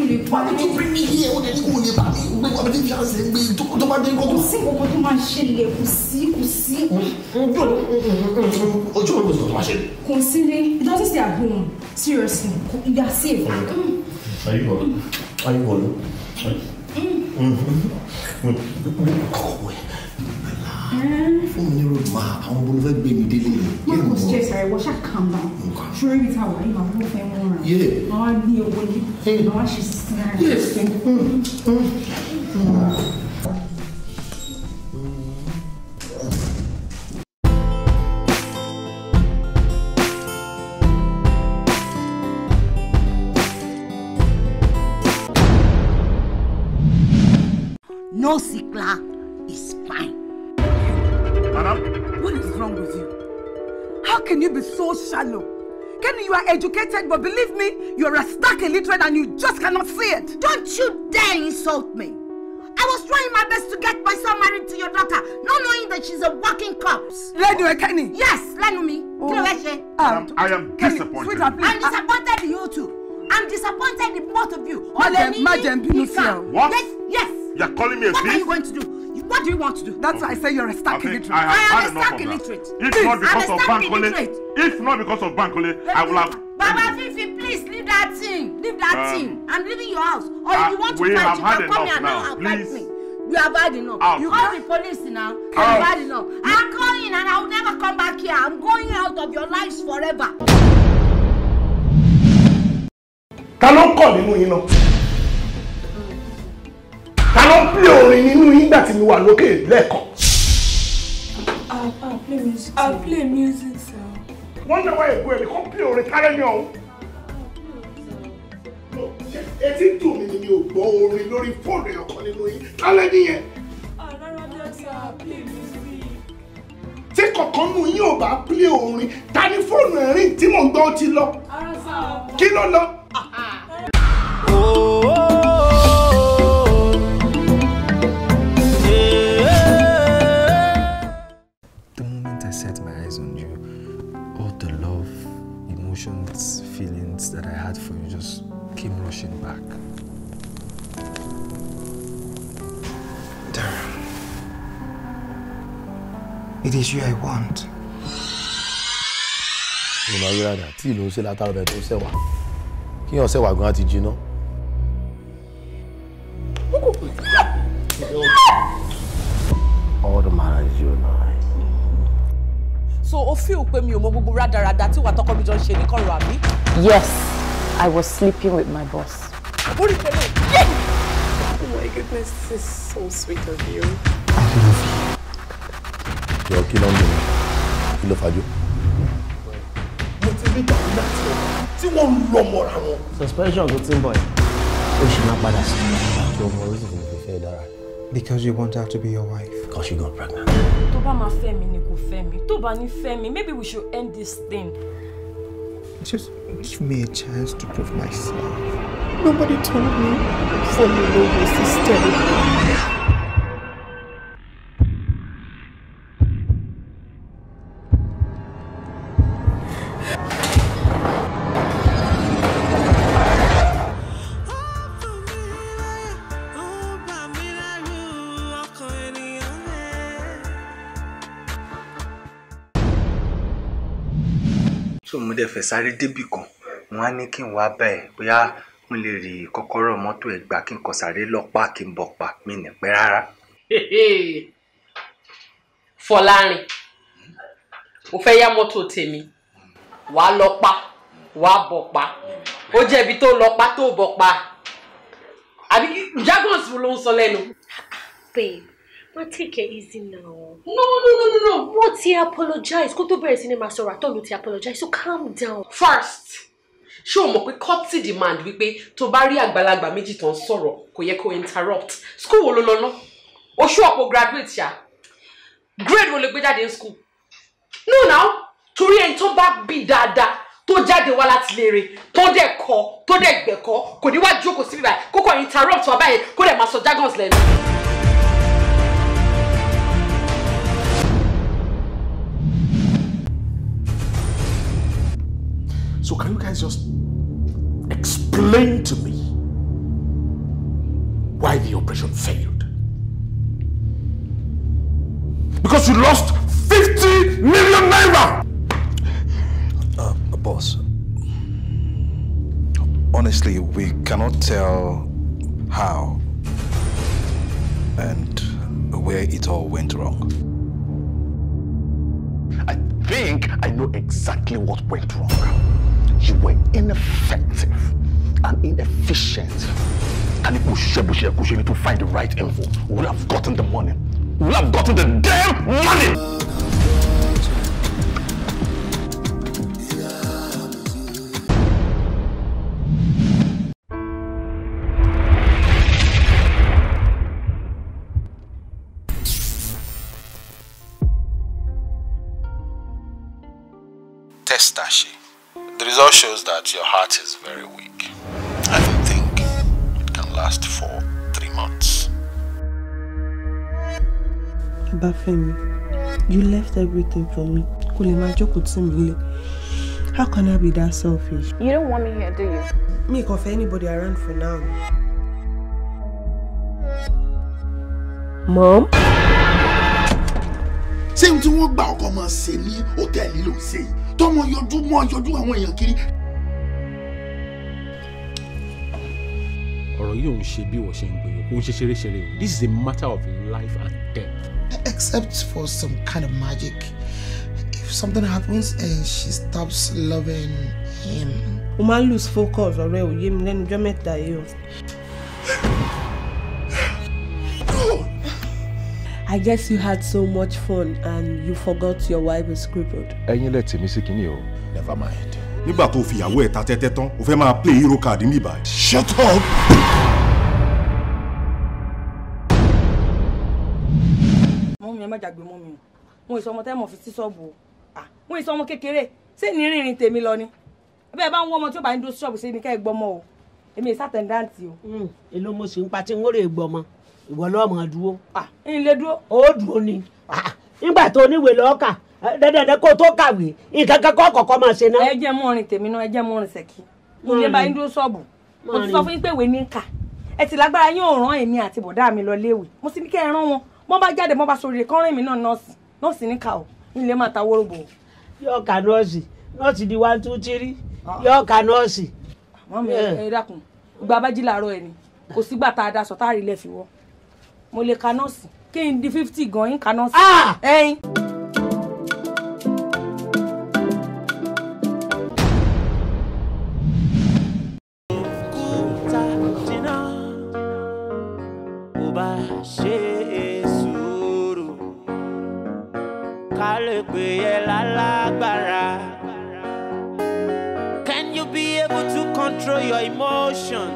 wọ́n ní tó bring me here ó dẹni kò lè bá mi gbé wọ́n ti fi àṣẹ gbé tó bá dé kókó. kò kókó tó máa ṣẹlẹ̀ kò sí kò ojú mi kò sí máa ṣẹlẹ̀. kò sí ní it doesn't stay at home seriously you are safe. ayúbọ̀lù ayúbọ̀lù. kọ̀wé. fún ní road map àwọn bolo fẹ́ gbé mi délé má kò rẹ calm down tá wà fẹ́ rà ní no cicla. can you be so shallow? Kenny, you are educated, but believe me, you are a stark illiterate and you just cannot see it. Don't you dare insult me. I was trying my best to get my son married to your daughter, not knowing that she's a walking corpse. Lenue, Kenny. Yes, Lenumi. Oh. Um, I am disappointed. Sweetie, sweetheart, I'm disappointed in you too. I'm disappointed in both of you. Madam, Madam, Yes, yes. You're calling me a what thief? What are you going to do? What do you want to do? That's why I say you're a stark illiterate. I, I am a stark illiterate. If not because of Bankole, if not because of Bankole, I will have. Baba Fifi, please leave that thing. Leave that um, thing. I'm leaving your house. Or uh, if you want to fight, you can come here now and fight me. You have had enough. Out. You call the police now. Out. You have had enough. I'll call in and I will never come back here. I'm going out of your lives forever. Can ló call kọ̀ nínú ta ló ń pè orin nínú yín gbà tí mo wà lókè lẹ́ẹ̀kan. I play music. I play music sir. wonder why ego ẹ̀mí kan pè orin kárẹ́ ní ọ̀hún. etí dùn mí ni mi ò gbọ́ orin lórí fóònù ẹ̀yọ̀kan nínú yín kálẹ́ nìyẹn. play music. tí kọ̀ọ̀kan nù yín ò bá play orin ta ni fóònù ẹ̀rín tí mò ń gbọ́ ti lọ. kí ló lọ. ooo. Oh, had for you just came rushing back. Darren, it is you I want. Mo máa rí rádà tí ìlú ń ṣe látàrọ̀ bẹ̀ tó ṣẹ̀wà. Kí yàn ṣẹ̀wà gan-an ti jiná. All the marriage you know so o feel pé mi ò mọ gbogbo rádaràda tí wàá tọkọ mi jọ ṣe ní kọ̀rọ̀ àbí. yes. I was sleeping with my boss. What is going on? Oh my goodness, this is so sweet of you. I love you. You're kí ló ń dùn? Kí ló fàájú? Mo ti rí dàbí láti ọ̀rọ̀ tí wọ́n ń lọ mọ́ra wọn. Suspension tó ti ń bọ̀ yìí. Ó ṣì máa padà sí mi. Ṣé o mọ orí Because you want her to be your wife. Because she got pregnant. Tó bá máa fẹ́ mi ni kò fẹ́ mi. Tó bá ní fẹ́ maybe we should end this thing. Just give me a chance to prove myself. Nobody told me you knew this terrible. fẹ́ sáré débì kan wọ́n á ní kí n wá ẹ bóyá mo lè rí kọkọrọ mọ́tò ẹ̀ gbà kí n kàn sáré kí n pa rárá. Fọlárin mo fẹ yá mọ́tò tèmi wàá lọ pa wàá bọ̀ pa ó jẹbi tó lọ tó bọ̀ pa àbí ló ń sọ lẹ́nu. Ma take it easy now. no no no no no. wọ́n ti apologize kó tó bẹ̀rẹ̀ sí ni máa sọ̀rọ̀ àtọ́nu ti apologize so calm down. first ṣé o mọ̀ pé courtesy demand wípé tó bá rí àgbàlagbà méjì tó sọ̀rọ̀ kò yẹ kó interrupt school wo ló lọ ná oṣù ọ̀pọ̀ graduate ya. grade wo lè gbé jáde ní school no now torí ẹni tó bá bí dáadáa tó jáde wá láti léèrè tó dẹ̀ kọ́ tó dẹ̀ gbẹ̀kọ́ kò ní wá jókòó síbí báyìí kókò interrupt wa báyìí kó dẹ̀ máa sọ jargons lẹ́nu. So can you guys just explain to me why the operation failed? Because you lost 50 million naira! Uh, boss, honestly, we cannot tell how and where it all went wrong. I think I know exactly what went wrong you were ineffective and inefficient. Kanibu Shebushe need to find the right info would have gotten the money. Would have gotten the damn money! Bafemi, you left everything for me. Kulema jókòó tì How can I be that selfish? You don't want me here, do you? Me kò fẹ́ anybody around for now. Mom? Same ohun tí wọ́n gba ọkọ̀ máa ṣe ní hòtẹ́ẹ̀lì ló ń ṣe yìí? Tọ́mọ yọjú mọ́ yọjú àwọn èèyàn kiri. Ọ̀rọ̀ yìí ò ń ṣe bí wọ́n ṣe This is a matter of life and death except for some kind of magic. If something happens and she stops loving him. O máa lose focus ọ̀rẹ́ ò yé mi lẹ́nu ọjọ́ mẹ́ta yìí o. I guess you had so much fun and you forgot your wife is crippled. Ẹyin lẹ tèmi sí kínní o. Never mind. Nígbà tó o fìyàwó ẹ̀ ta tẹ́tẹ́ tán, o fẹ́ máa play hero card níbàá. Shut up! mi ẹ má jàgbé mú mi o wọn ìsọ ọmọ tẹ́mọ̀ fi sí ṣọ́ọ̀bù o wọn ìsọ ọmọ kékeré ṣé ní rìnrìn tèmi lọ ni abẹ́ bá ń wọ́n ọmọ tí ó bá ń dúró ṣọ́ọ̀bù ṣe ni ká ẹ gbọ́mọ o èmi ìsá tẹ̀ndáǹtì o. Hmm, èló mo sì ń pa tí n ó rè gbọmọ ìwọ lọ́mọ dúró. n lè dúró. ó dúró ni nígbà tó oníwèé lọ́ọ̀kà dẹ́dẹ́dẹ́ kó tó kàwé nǹkan kan kọ́ kọ́kọ́ máa ṣe náà. ẹ jẹ́ mú orin tèmi náà ẹ jẹ́ mú orin ṣèkì mo lè bá yín dúró ṣọ́ọ̀bù mo ti sọ fún yín pé ìwé ní kà ẹ ti lágbára yín ò rán èmi àti bọ̀dá mi lọ léèwé mo sì ní kẹ́ ẹ rán wọn mọ́ bá jáde mọ́ bá sori rẹ̀ kọ́rin mi náà nọ́ọ̀sì nọ́ọ̀sì ní ká o ilé máa ta wórógbò. yóò ka nọ́ọ̀sì nọ́ọ̀sì di one two three yóò ka nọ́ọ̀sì. àwọn mi eh. ẹ dákun gba abájí làárọ̀ ni kò sígbà tá a daṣọ tá a rí ilẹ̀ fi wọ́ mo lè ka nọ́ọ̀sì kí n di fifty gan-an ka nọ́ọ̀sì. ẹyin. Ah! eh. pé ẹ lálágbára. Can you be able to control your emotion?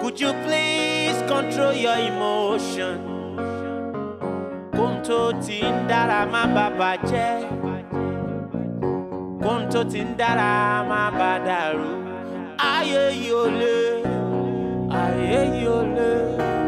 Could you please control your emotion? Kóhun tó ti ń dára má bà bàjẹ́. Kóhun ti ń dára má bà dàrú. Ayé yìí ò lè, ayé yìí ò lè.